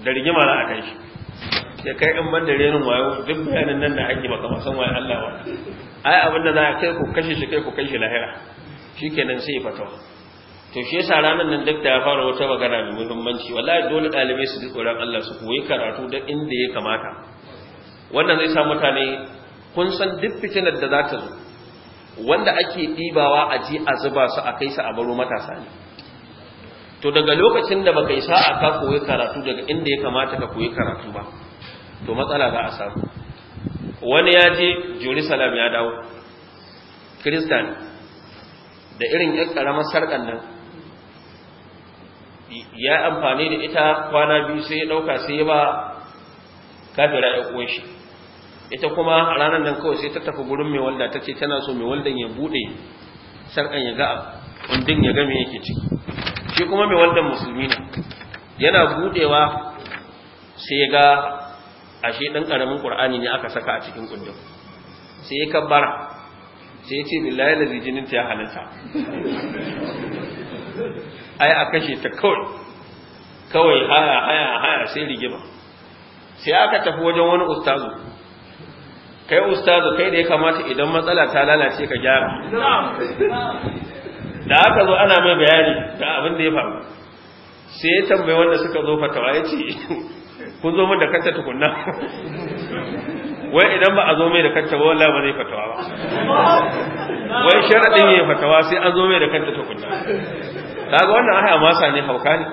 da rigima na kan shi Ya kai in ban da renin wayo duk bayanin nan da ake maka masan waye Allah wa ai abinda za a kai ku kashe shi kai ku kai shi lahira kenan sai fatawa to shi yasa ranar nan duk da ya fara wata magana mai muhimmanci wallahi dole dalibai su ji tsoron Allah su koyi karatu da inda ya kamata wannan zai sa mutane kun san duk fitinar da za ta zo wanda ake ɗibawa a ji a zuba su a kai su a baro matasa ne to daga lokacin da baka isa a ka koyi karatu daga inda ya kamata ka koyi karatu ba to matsala za a samu wani ya je jerusalem ya dawo kristan da irin yan karamar sarkan nan ya amfani da ita kwana biyu sai ya ɗauka sai ya ba kafira ya uwan shi ita kuma ranar nan kawai sai ta tafi gurin mai walda ta ce tana so mai waldan ya bude sarkan ya ga kundin ya ga me yake ciki shi kuma mai waldan musulmi ne yana budewa sai ya ga ashe ɗan ƙaramin ƙur'ani ne aka saka a cikin kundin sai ya kabbara sai ya ce billahi lazi jinin ta ya halatta ai a kashe ta kawai kawai haya haya haya sai rigima sai aka tafi wajen wani ustazu kai ustazu kai da ya kamata idan matsala ta lalace ka gyara da aka zo ana mai bayani ga abin da ya faru sai ya tambaye wanda suka zo fatawa ya ce kun zo min da kanta tukunna wai idan ba a zo mai da kanta ba wallahi ba zai fatawa ba wai sharadin ya fatawa sai an zo mai da kanta tukunna kaga wannan aya masa ne hauka ne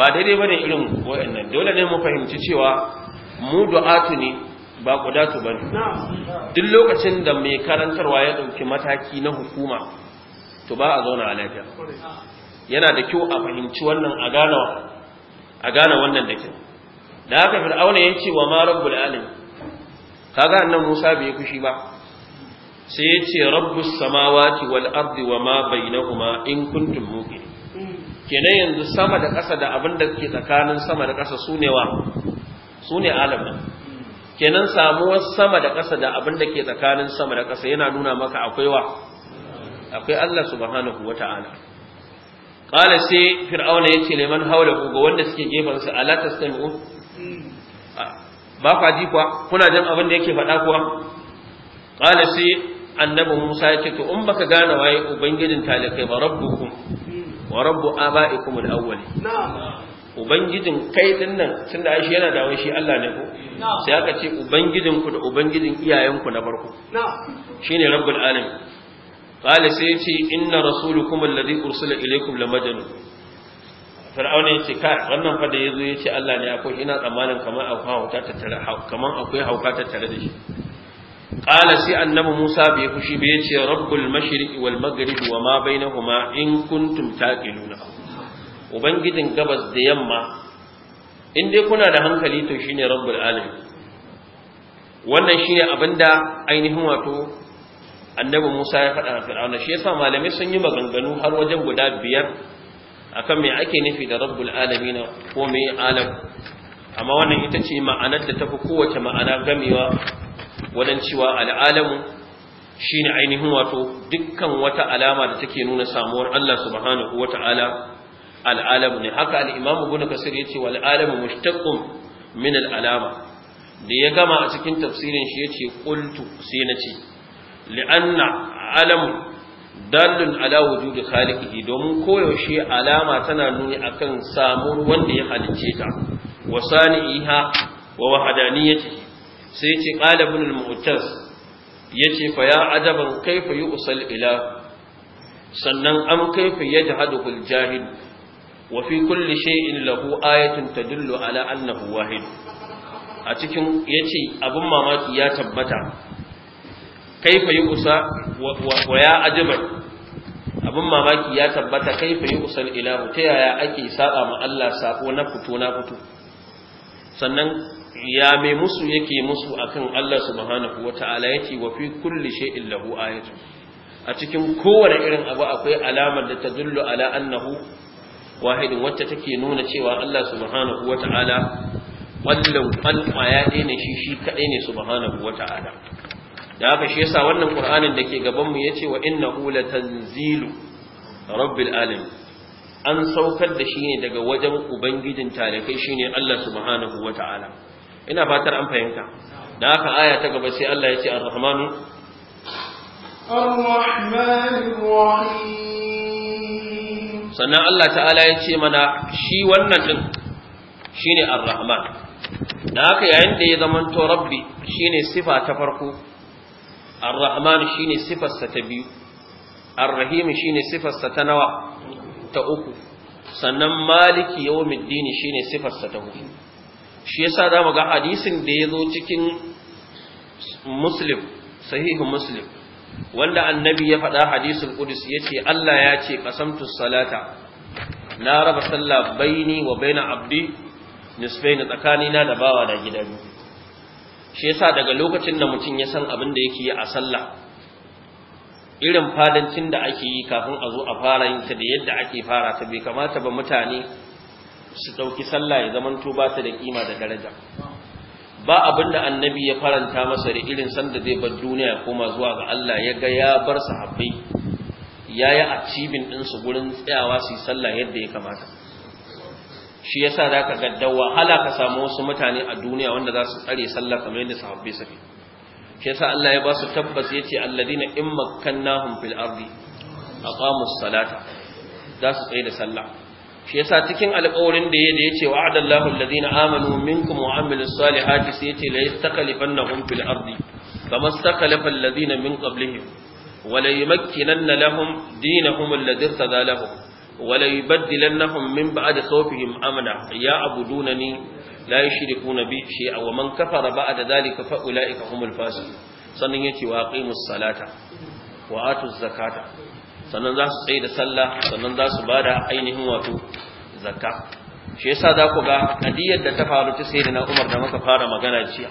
ba daidai bane irin wayannan dole ne mu fahimci cewa mu du'atu ne ba ku kudatu ba ne duk lokacin da mai karantarwa ya ɗauki mataki na hukuma to ba a zauna a lafiya yana da kyau a fahimci wannan a gane wannan da kyau da haka fir'auna ya ce wa ma rabbul ka ga annan musa bai yi kushi ba sai ya ce rabbus samawati wal ardi wa ma bainahuma in kuntum ke. kenan yanzu sama da ƙasa da abin da ke tsakanin sama da ƙasa sune wa sune alamin kenan samuwar sama da ƙasa da abin da ke tsakanin sama da ƙasa yana nuna maka akwai wa akwai Allah subhanahu wata'ala qala sai fir'auna yace liman ku ga wanda suke gefan su ala tastami'u ba fa ji kuwa kuna jin abin da yake faɗa kuwa qala sai annabi Musa yace to in baka gane waye ubangijin talakai ba rabbukum wa rabbu abaikum al-awwalin na'am ubangijin kai din nan tunda ai shi yana da shi Allah ne ko sai aka ce ubangijin ku da ubangijin iyayen ku na farko shine rabbul alamin qala sai ya ce inna rasulukum alladhi ursila ilaykum lamajnun fir'auna ya ce kai wannan fa da yazo ya ce Allah ne akwai ina tsammanin kamar akwai hauka ta tare kamar akwai hauka ta tare da shi qala sai annabi Musa bai fushi bai ya ce rabbul mashriqi wal maghribi wa ma bainahuma in kuntum taqiluna ubangijin gabas da yamma in dai kuna da hankali to shine rabbul alamin wannan shine abinda ainihin wato annabi Musa ya faɗa a Fir'auna shi yasa malamai sun yi maganganu har wajen guda biyar akan me ake nufi da rabbul alamin ko me alam amma wannan ita ce ma'anar da tafi kowace ma'ana gamewa wajen cewa al'alamu shine ainihin wato dukkan wata alama da take nuna samuwar Allah subhanahu wata'ala al'alamu ne haka al'imamu gudun kasir ya ce wa al'alamu mushtaƙun min al'alama da ya gama a cikin tafsirin shi ya ce ƙultu sai na ce li'anna alamu dalun ala wujudi khaliqihi domin koyaushe alama tana nuni akan samun wanda ya halicce ta wa iha wa wahadaniyatihi sai ce ƙalabin ibn al-mu'taz yace fa ya ajaban kaifa usal ila sannan an kaifa yajhadu al-jahil Wafi fi kulli shay'in lahu ayatun tadullu ala annahu wahid a cikin yace abin mamaki ya tabbata kaifa kusa wa ya ajiba abin mamaki ya tabbata kaifa kusan ilahu ta yaya ake saba ma Allah sako na fito na fito sannan ya mai musu yake musu akan Allah subhanahu wata'ala yace ce wafi kulli in lahu ayatun a cikin kowane irin abu akwai alamar da ta dullu ala annahu wahidin wacce take nuna cewa Allah subhanahu wata'ala wallan kwaya ɗaya ne shi shi kaɗai ne subhanahu wata'ala da haka shi yasa wannan qur'anin da ke gaban mu yace wa innahu latanzilu rabbil alamin an saukar da shi ne daga wajen ubangijin talikai shine Allah subhanahu wata'ala ina fatar an fahimta da haka aya ta gaba sai Allah ya ce ar-rahmanu ar rahim sannan Allah ta'ala ya ce mana shi wannan din shine ar-rahman da haka yayin da ya zamanto rabbi shine sifa ta farko ar-rahman shine sifarsa ta biyu ar-rahim shine sifarsa ta nawa ta uku sannan maliki yawmiddin shine sifarsa ta hudu shi yasa zamu ga hadisin da zo cikin muslim sahihu muslim wanda annabi ya faɗa hadisul qudus yace Allah ya ce qasamtu salata na raba sallah baini wa baina abdi nisfain na da bawa da gidan shi yasa daga lokacin da mutum ya san abin da yake yi a sallah irin fadancin da ake yi kafin a zo a fara yin ta da yadda ake fara ta bai kamata ba mutane su ɗauki sallah ya zamanto ba ta da kima da daraja ba abin da annabi ya faranta masa da irin sanda zai bar duniya koma zuwa ga Allah ya ga ya bar sahabbai ya yi achieving su gurin tsayawa su yi sallah yadda ya kamata shi ya sa za ka ga da wahala ka samu wasu mutane a duniya wanda za su tsare sallah kamar yadda sahabbai suke shi ya sa Allah ya ba su tabbas ya ce alladina in makkannahum fil ardi aqamu salata za su tsaye da sallah shi yasa cikin alƙawarin da ya da yace wa'adallahu alladhina amanu minkum wa amilus salihati sai yace la yastakhlifannahum fil ardi kama istakhlafa alladhina min qablihim wa la yumakkinanna lahum dinahum alladhi irtada lahum wa la yubaddilannahum min ba'di khawfihim amna ya'budunani la yushrikuna bi shay'a wa man kafara ba'da dhalika fa ulaika humul fasiqun sannan yace wa aqimus salata wa atuz zakata sannan za su tsaye da sallah sannan za su bada ainihin wato zakka shi yasa za ku ga kadiyar da ta faru ta sayyidina Umar da muka fara magana jiya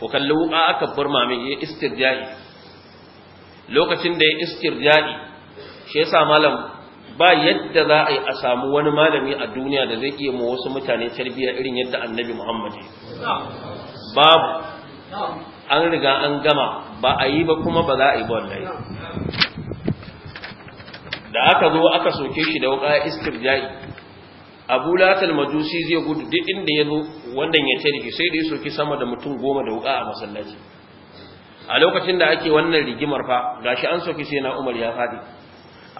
ko kalli wuka aka burma min ya istirja'i lokacin da ya istirja'i shi yasa malam ba yadda za a yi a samu wani malami a duniya da zai iya ma wasu mutane tarbiyya irin yadda annabi Muhammad babu an riga an gama ba a yi ba kuma ba za a yi ba wallahi da aka zo aka soke shi da wuka istirja'i abu latal majusi zai gudu duk inda ya zo wannan ya tariki sai da ya soke sama da mutum goma da wuka a masallaci a lokacin da ake wannan rigimar fa gashi an soke sai na umar ya faɗi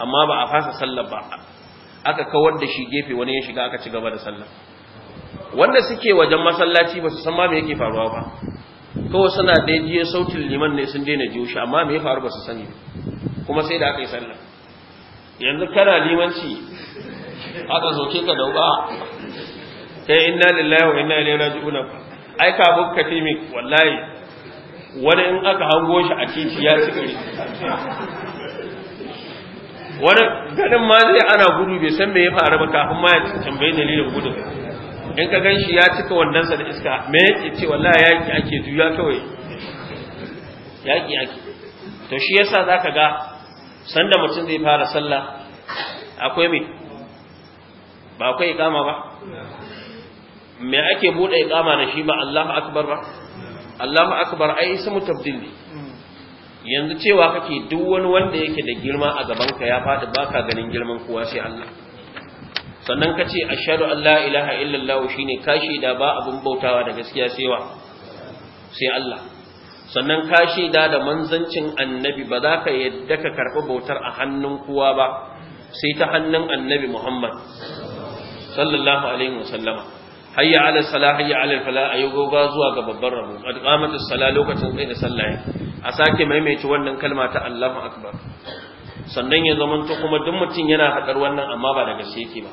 amma ba a fasa sallar ba aka kawar da shi gefe wani ya shiga aka ci gaba da sallar wanda suke wajen masallaci ba su san ma me yake faruwa ba kawai suna daidai sautin liman ne sun daina jiyo shi amma me ya faru ba su sani kuma sai da aka yi sallar yanzu kana limanci aka ke ka da uba kai eh, inna lillahi wa inna ilaihi raji'un ai ka bukka ce mai wallahi wani in aka hango shi a titi ya tsikiri wani ganin ma zai ana gudu bai san me ya faru ba kafin ma ya tambayi dalilin gudun in ka gan shi ya cika sa da iska me ya ce wallahi yaki ake juya kawai yaki yaki to shi yasa zaka ga sanda mutum zai fara sallah akwai mai ba akwai ikama ba me ake bude ikama na shi ba Allahu akbar ba Allahu akbar ai ismu ne yanzu cewa kake duk wani wanda yake da girma a gaban ka ya fadi baka ganin girman kowa sai Allah sannan kace ashhadu an la ilaha illallah shine kashi da ba abun bautawa da gaskiya sai wa sai Allah sannan ka shaida da manzancin annabi ba za ka yadda ka karɓi bautar a hannun kowa ba sai ta hannun annabi Muhammad sallallahu alaihi wasallama hayya ala salah hayya ala fala ayi goba zuwa ga babban rabo qad qamat sala lokacin tsaye da sallah a sake maimaita wannan kalma ta Allahu akbar sannan ya zamanto kuma duk mutum yana hadar wannan amma ba daga gaske ba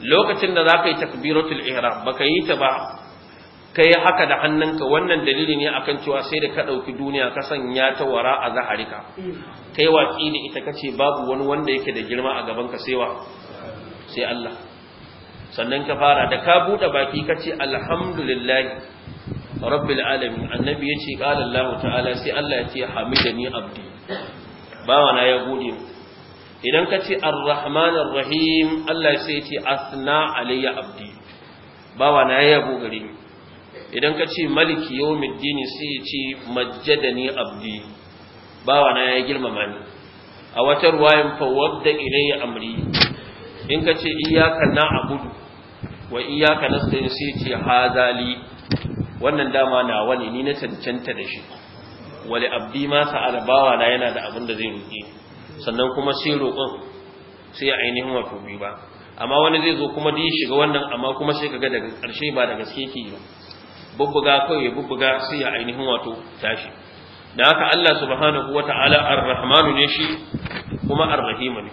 lokacin da zaka yi takbiratul ihram baka yi ta ba ka yi haka da hannunka wannan dalili ne akan cewa sai da ka ɗauki duniya ka sanya ta wara a zaharika ka yi watsi da ita ka ce babu wani wanda yake da girma a gaban ka wa? sai Allah sannan ka fara da ka buɗe baki ka ce alhamdulillahi rabbil alamin annabi ya ce qala Allah ta'ala sai Allah ya ce hamidani abdi na ya gode mu idan ka ce arrahmanir rahim Allah sai ya ce asna alayya abdi na ya yabo ni idan ka ce maliki yawmiddini sai yi ce majjadani abdi bawa na ya girmama ni a wata ruwayan da ire ya amri in ka ce na abudu wa iyyaka nasta'in sai ya ce hazali wannan dama na wani ni na cancanta da shi wale abdi ma sa'ala bawa na yana da abin da zai roƙi sannan kuma sai roƙon sai ainihin wato bi ba amma wani zai zo kuma da shiga wannan amma kuma sai kaga daga ƙarshe ba da gaske ke yi ba bubbuga kawai ya bubbuga sai ya ainihin wato tashi da haka Allah subhanahu wata'ala ar-rahmanu ne shi kuma ar-rahimu ne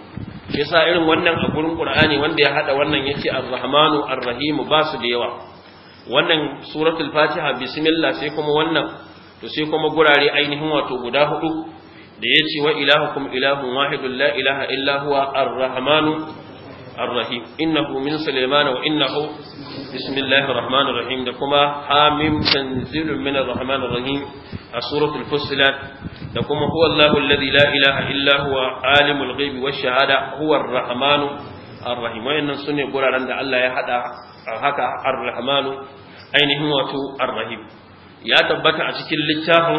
shi yasa irin wannan a gurin Qur'ani wanda ya hada wannan yace ar-rahmanu ar-rahimu ba su da yawa wannan suratul fatiha bismillah sai kuma wannan to sai kuma gurare ainihin wato guda hudu da yace wa ilahukum ilahun wahidun la ilaha illa huwa ar-rahmanu ar-rahim innahu min sulaymana wa innahu بسم الله الرحمن الرحيم دكما حامم تنزيل من الرحمن الرحيم سورة الفصلات دكما هو الله الذي لا إله إلا هو عالم الغيب والشهادة هو الرحمن الرحيم وإن سنة قول عند الله يحدى هكا الرحمن أين هو الرحيم يا تبت أشكل للتاه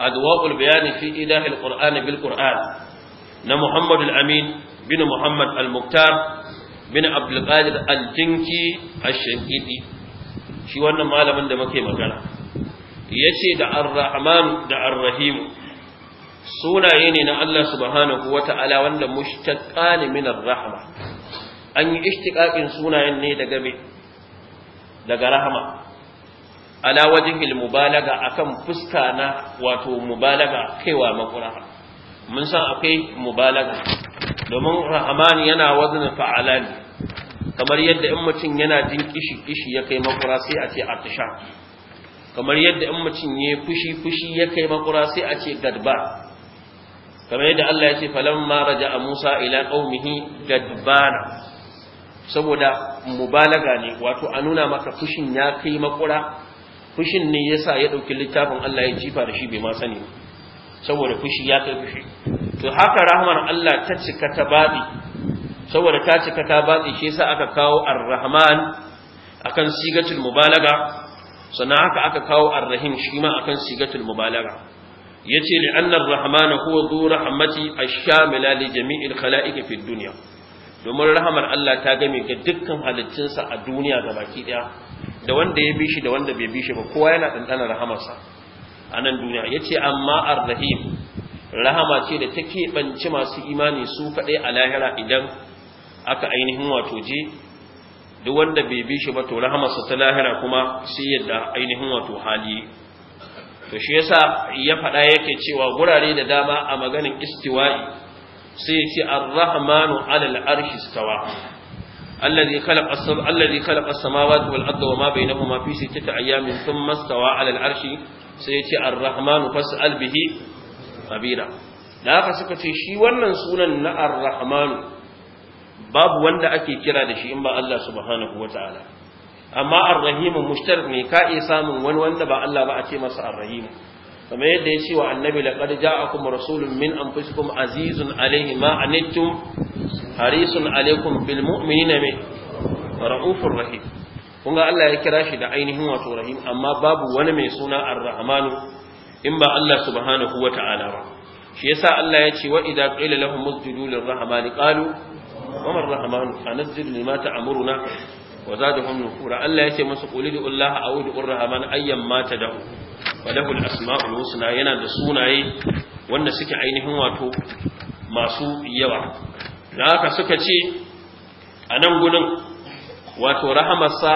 أدواء البيان في إله القرآن بالقرآن نمحمد الأمين بن محمد المختار bin abdulkadir aljinki ashahidi shi wannan malamin da muke magana ya ce da arrahman da arrahim sunaye ne na Allah subhanahu wa ta'ala wanda mushtaqani min arrahma an yi ishtiqaqin sunayen ne daga me daga rahma ala wajhil mubalaga akan fuska na wato mubalaga kaiwa makura mun san akwai mubalaga domin rahman yana wazn fa'alani. kamar yadda in mutum yana jin kishi kishi ya kai makura sai a ce atisha kamar yadda in mutum ya fushi fushi ya kai makura sai a ce gadba kamar yadda Allah ya ce falamma raja'a Musa ila qaumihi gadbana saboda mubalaga ne wato a nuna maka fushin ya kai makura fushin ne yasa ya dauki littafin Allah ya jifa da shi bai ma sani saboda fushi ya kai fushi to haka rahmar Allah ta cika ta babi saboda ta cika ta batsi shi sa aka kawo ar-rahman akan sigatul mubalaga sannan haka aka kawo ar-rahim shi ma akan sigatul mubalaga yace li anna ar-rahman huwa dhu rahmati ash-shamila li jami'il khalaiq fi dunya domin rahamar Allah ta game ga dukkan halittunsa a duniya gabaki daya da wanda ya bishi da wanda bai bi shi ba kowa yana dandana rahamarsa a nan duniya yace amma ar-rahim rahama ce da take banci masu imani su kadai a lahira idan aka ainihin wato je duk wanda bai bi shi ba to rahamarsa ta lahira kuma sai yadda ainihin wato hali to shi yasa ya faɗa yake cewa gurare da dama a maganin istiwa'i sai ya ce ar-rahmanu 'alal arshi istawa الذي خلق السم... الذي خلق السماوات والارض وما بينهما في سته ايام ثم استوى على العرش سيتي الرحمن فاسال به خبيرا da haka suka ce shi wannan sunan na ar-rahmanu babu wanda ake kira da shi in ba Allah subhanahu wataala amma ar-rahim mushtar, ne ka iya samun wani wanda ba Allah ba a ce masa ar-rahim kamar yadda ya ce wa annabi laqad ja'akum rasulun min anfusikum azizun alayhi ma anittum harisun alaykum bil mu'minina min ra'ufur rahim kun ga Allah ya kira shi da ainihin wato rahim amma babu wani mai suna ar-rahmanu in ba Allah subhanahu wataala ba shi yasa Allah ya ce wa idza qila lahum usjudu lir-rahmani qalu mamar rahmanu a nasjid lima ta'muruna wa zadahum nufura Allah yace masa qulil ullaha a'udhu birrahman ayyam ma tad'u walahul asma'ul husna yana da sunaye wanda suke ainihin wato masu yawa da haka suka ce a nan gudun wato rahamarsa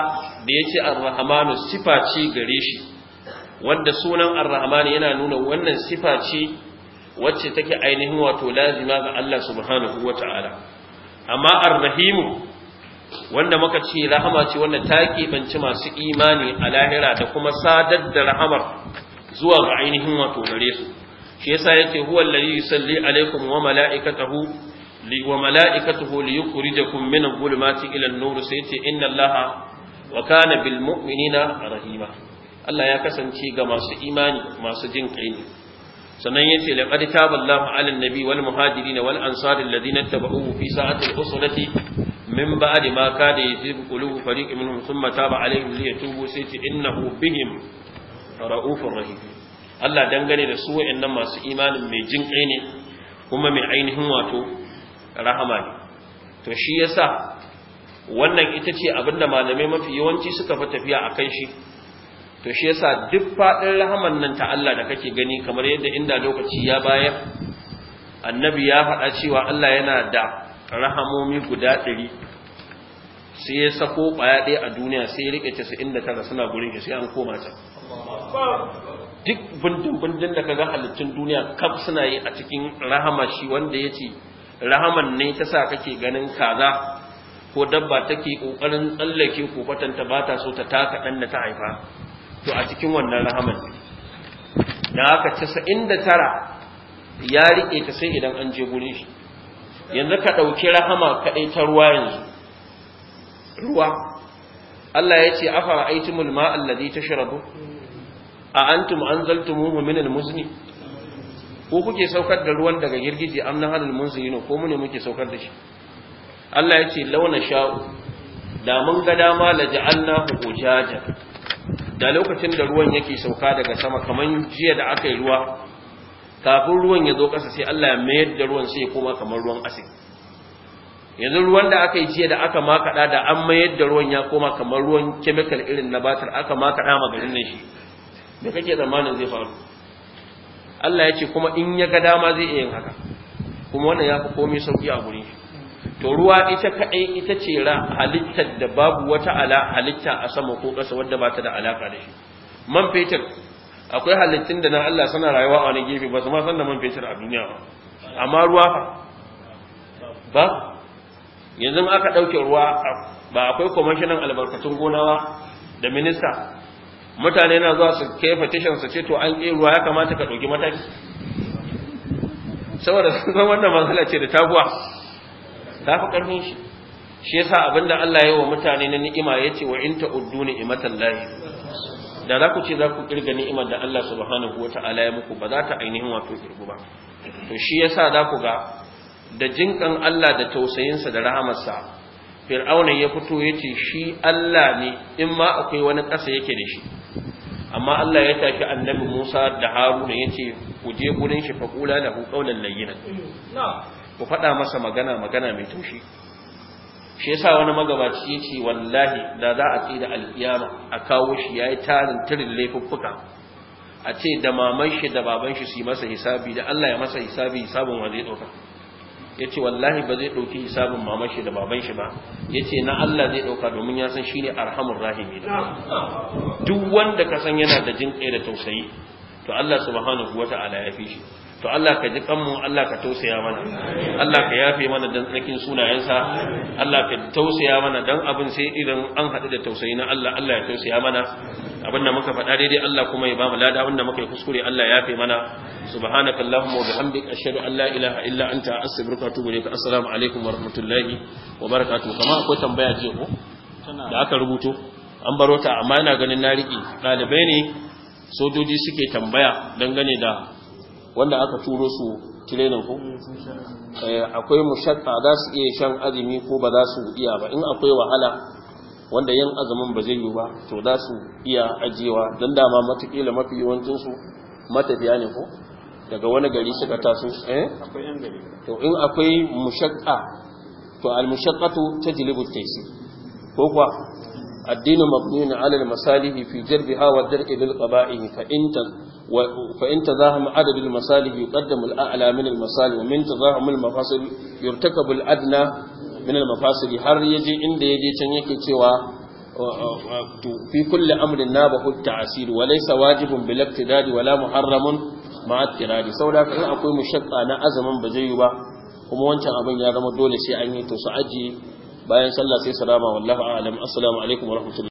da ya ce arrahamanu sifa ce gare shi wanda sunan arrahamanu yana nuna wannan sifa ce wacce take ainihin wato lazima ga Allah subhanahu amma arrahimu wanda muka ce rahama ce wanda ta kebanci masu imani a lahira da kuma sadar da rahamar zuwa ga ainihin wato gare su shi yasa yake huwa alladhi yusalli alaikum wa mala'ikatahu li wa mala'ikatuhu li yukhrijakum min adh-dhulumati ila an-nur sai ce inna allaha wa kana bil mu'minina rahima Allah ya kasance ga masu imani masu jin kai sannan yace laqad taballahu 'alan nabi wal muhajirin wal ansar alladhina tabauhu fi sa'ati al-usrati min ba'di ma kada yatibu qulubu fariqin minhum thumma taba 'alayhim liyatubu sayti innahu bihim ra'ufur rahim Allah dangane da su wayannan masu imanin mai jinkai ne kuma mai ainihin wato rahama ne to shi yasa wannan ita ce abinda malamai mafi yawanci suka fi tafiya akan shi to shi yasa duk faɗin rahaman nan ta Allah da kake gani kamar yadda inda lokaci ya bayar annabi ya faɗa cewa Allah yana da rahamomi guda ɗari sai ya sako ɓaya ɗaya a duniya sai ya riƙe casa'in da tara suna gurin shi sai an koma can duk bindin-bindin da kaga halittun duniya kaf suna yi a cikin rahama shi wanda ya ce rahaman ne ta sa kake ganin kaza ko dabba take ƙoƙarin tsallake ko fatanta ba ta so ta taka ɗan da ta haifa to a cikin wannan rahaman da haka casa'in da tara ya riƙe ta sai idan an je gurin shi yanzu ka ɗauki rahama kaɗai ta ruwa yanzu ruwa Allah ya ce afara aitimul ma'al ladhi tashrabu a antum anzaltumuhu min al-muzni ko kuke saukar da ruwan daga girgije am na mun munzini ko mu ne muke saukar da shi Allah ya ce launa sha'u da mun ga dama la ja'alnahu ujaja da lokacin da ruwan yake sauka daga sama kamar jiya da aka yi ruwa kafin ruwan ya zo ƙasa sai Allah ya mayar da ruwan sai ya koma kamar ruwan asiri yanzu ruwan da aka yi jiya da aka makaɗa da an mayar da ruwan ya koma kamar ruwan kemikal irin na batar aka makaɗa maganin nan shi me kake tsammanin zai faru Allah ya ce kuma in ya ga dama zai iya yin haka kuma wannan ya fi komai sauki a gurin shi to ruwa ita kaɗai ita ce ra halittar da babu wata ala halitta a sama ko ƙasa wadda ba ta da alaƙa da shi man fetur akwai halittun da na Allah suna rayuwa a wani gefe ba su ma san da man fetur a duniya ba amma ruwa ba yanzu aka ɗauke ruwa ba akwai kwamashinan albarkatun gonawa da minista mutane na zuwa su kai petition su ce to an ƙi ruwa ya kamata ka ɗauki mataki saboda sun san wannan matsala ce da taguwa ta fi ƙarfin shi shi yasa abinda Allah ya yi wa mutane na ni'ima ya ce wa inta ta'uddu ni'imatan lahi da za ku ce za ku kirga ni'imar da Allah subhanahu wa ta'ala ya muku ba za ta ainihin wato kirgu ba to shi yasa za ku ga da jinkan Allah da tausayinsa da rahamarsa fir'auna ya fito ya ce shi Allah ne in ma akwai wani ƙasa yake da shi amma Allah ya tafi annabi Musa da Haruna ya ce ku je gurin shi faƙula lahu qawlan layyinan ku faɗa masa magana magana mai taushi shi yasa wani magabaci ya ce wallahi da za a tsira alkiyama a kawo shi ya yi tarin tirin laifuffuka a ce da maman shi da baban shi su yi masa hisabi da Allah ya masa hisabi hisabin wa zai ɗauka ya ce wallahi ba zai ɗauki hisabin maman shi da baban shi ba ya ce na Allah zai ɗauka domin ya san shi ne arhamun rahimi da duk wanda ka san yana da jin kai da tausayi to Allah subhanahu wa ta'ala ya fi shi to Allah ka ji kanmu Allah ka tausaya mana Allah ka yafe mana dan tsakin sunayensa Allah ka tausaya mana dan abin sai irin an haɗu da tausayi na Allah Allah ya tausaya mana abin da muka faɗa daidai Allah kuma ya ba mu lada abin da muka yi kuskure Allah ya yafe mana subhanaka allahumma wa bihamdika ashhadu an la ilaha illa anta astaghfiruka wa atubu ilaik assalamu alaikum wa rahmatullahi wa barakatuh kama akwai tambaya jiya ko da aka rubuto an baro ta amma ina ganin na riƙe ɗalibai ne sojoji suke tambaya dangane da wanda aka turo su tirenin ku eh, akwai mushakka za su iya shan azumi ko ba za su iya ba in akwai wahala wanda yin azumin ba zai yi ba to za su iya ajiyewa don dama matakila mafi yawancinsu matafiya ne ko daga wani gari suka taso eh to in akwai mushakka to al-mushaqqatu tajlibu at ko kuwa الدين مبني على المصالح في جلبها والدرء للقبائح فإن فإن تزاحم عدد المصالح يقدم الأعلى من المصالح ومن تزاحم المفاصل يرتكب الأدنى من المفاصل har yaje inda yaje can yake cewa fi kulli amrin nabahu ta'sir wa laysa wajibun bil iktidadi wala muharramun ma'a ittiradi saboda in akwai mushaqqa na azaman ba zai yi ba kuma wancan abin ya zama dole sai an yi su ajiye. bayan sallah sai salama wallahu a'lam assalamu alaikum wa rahmatullahi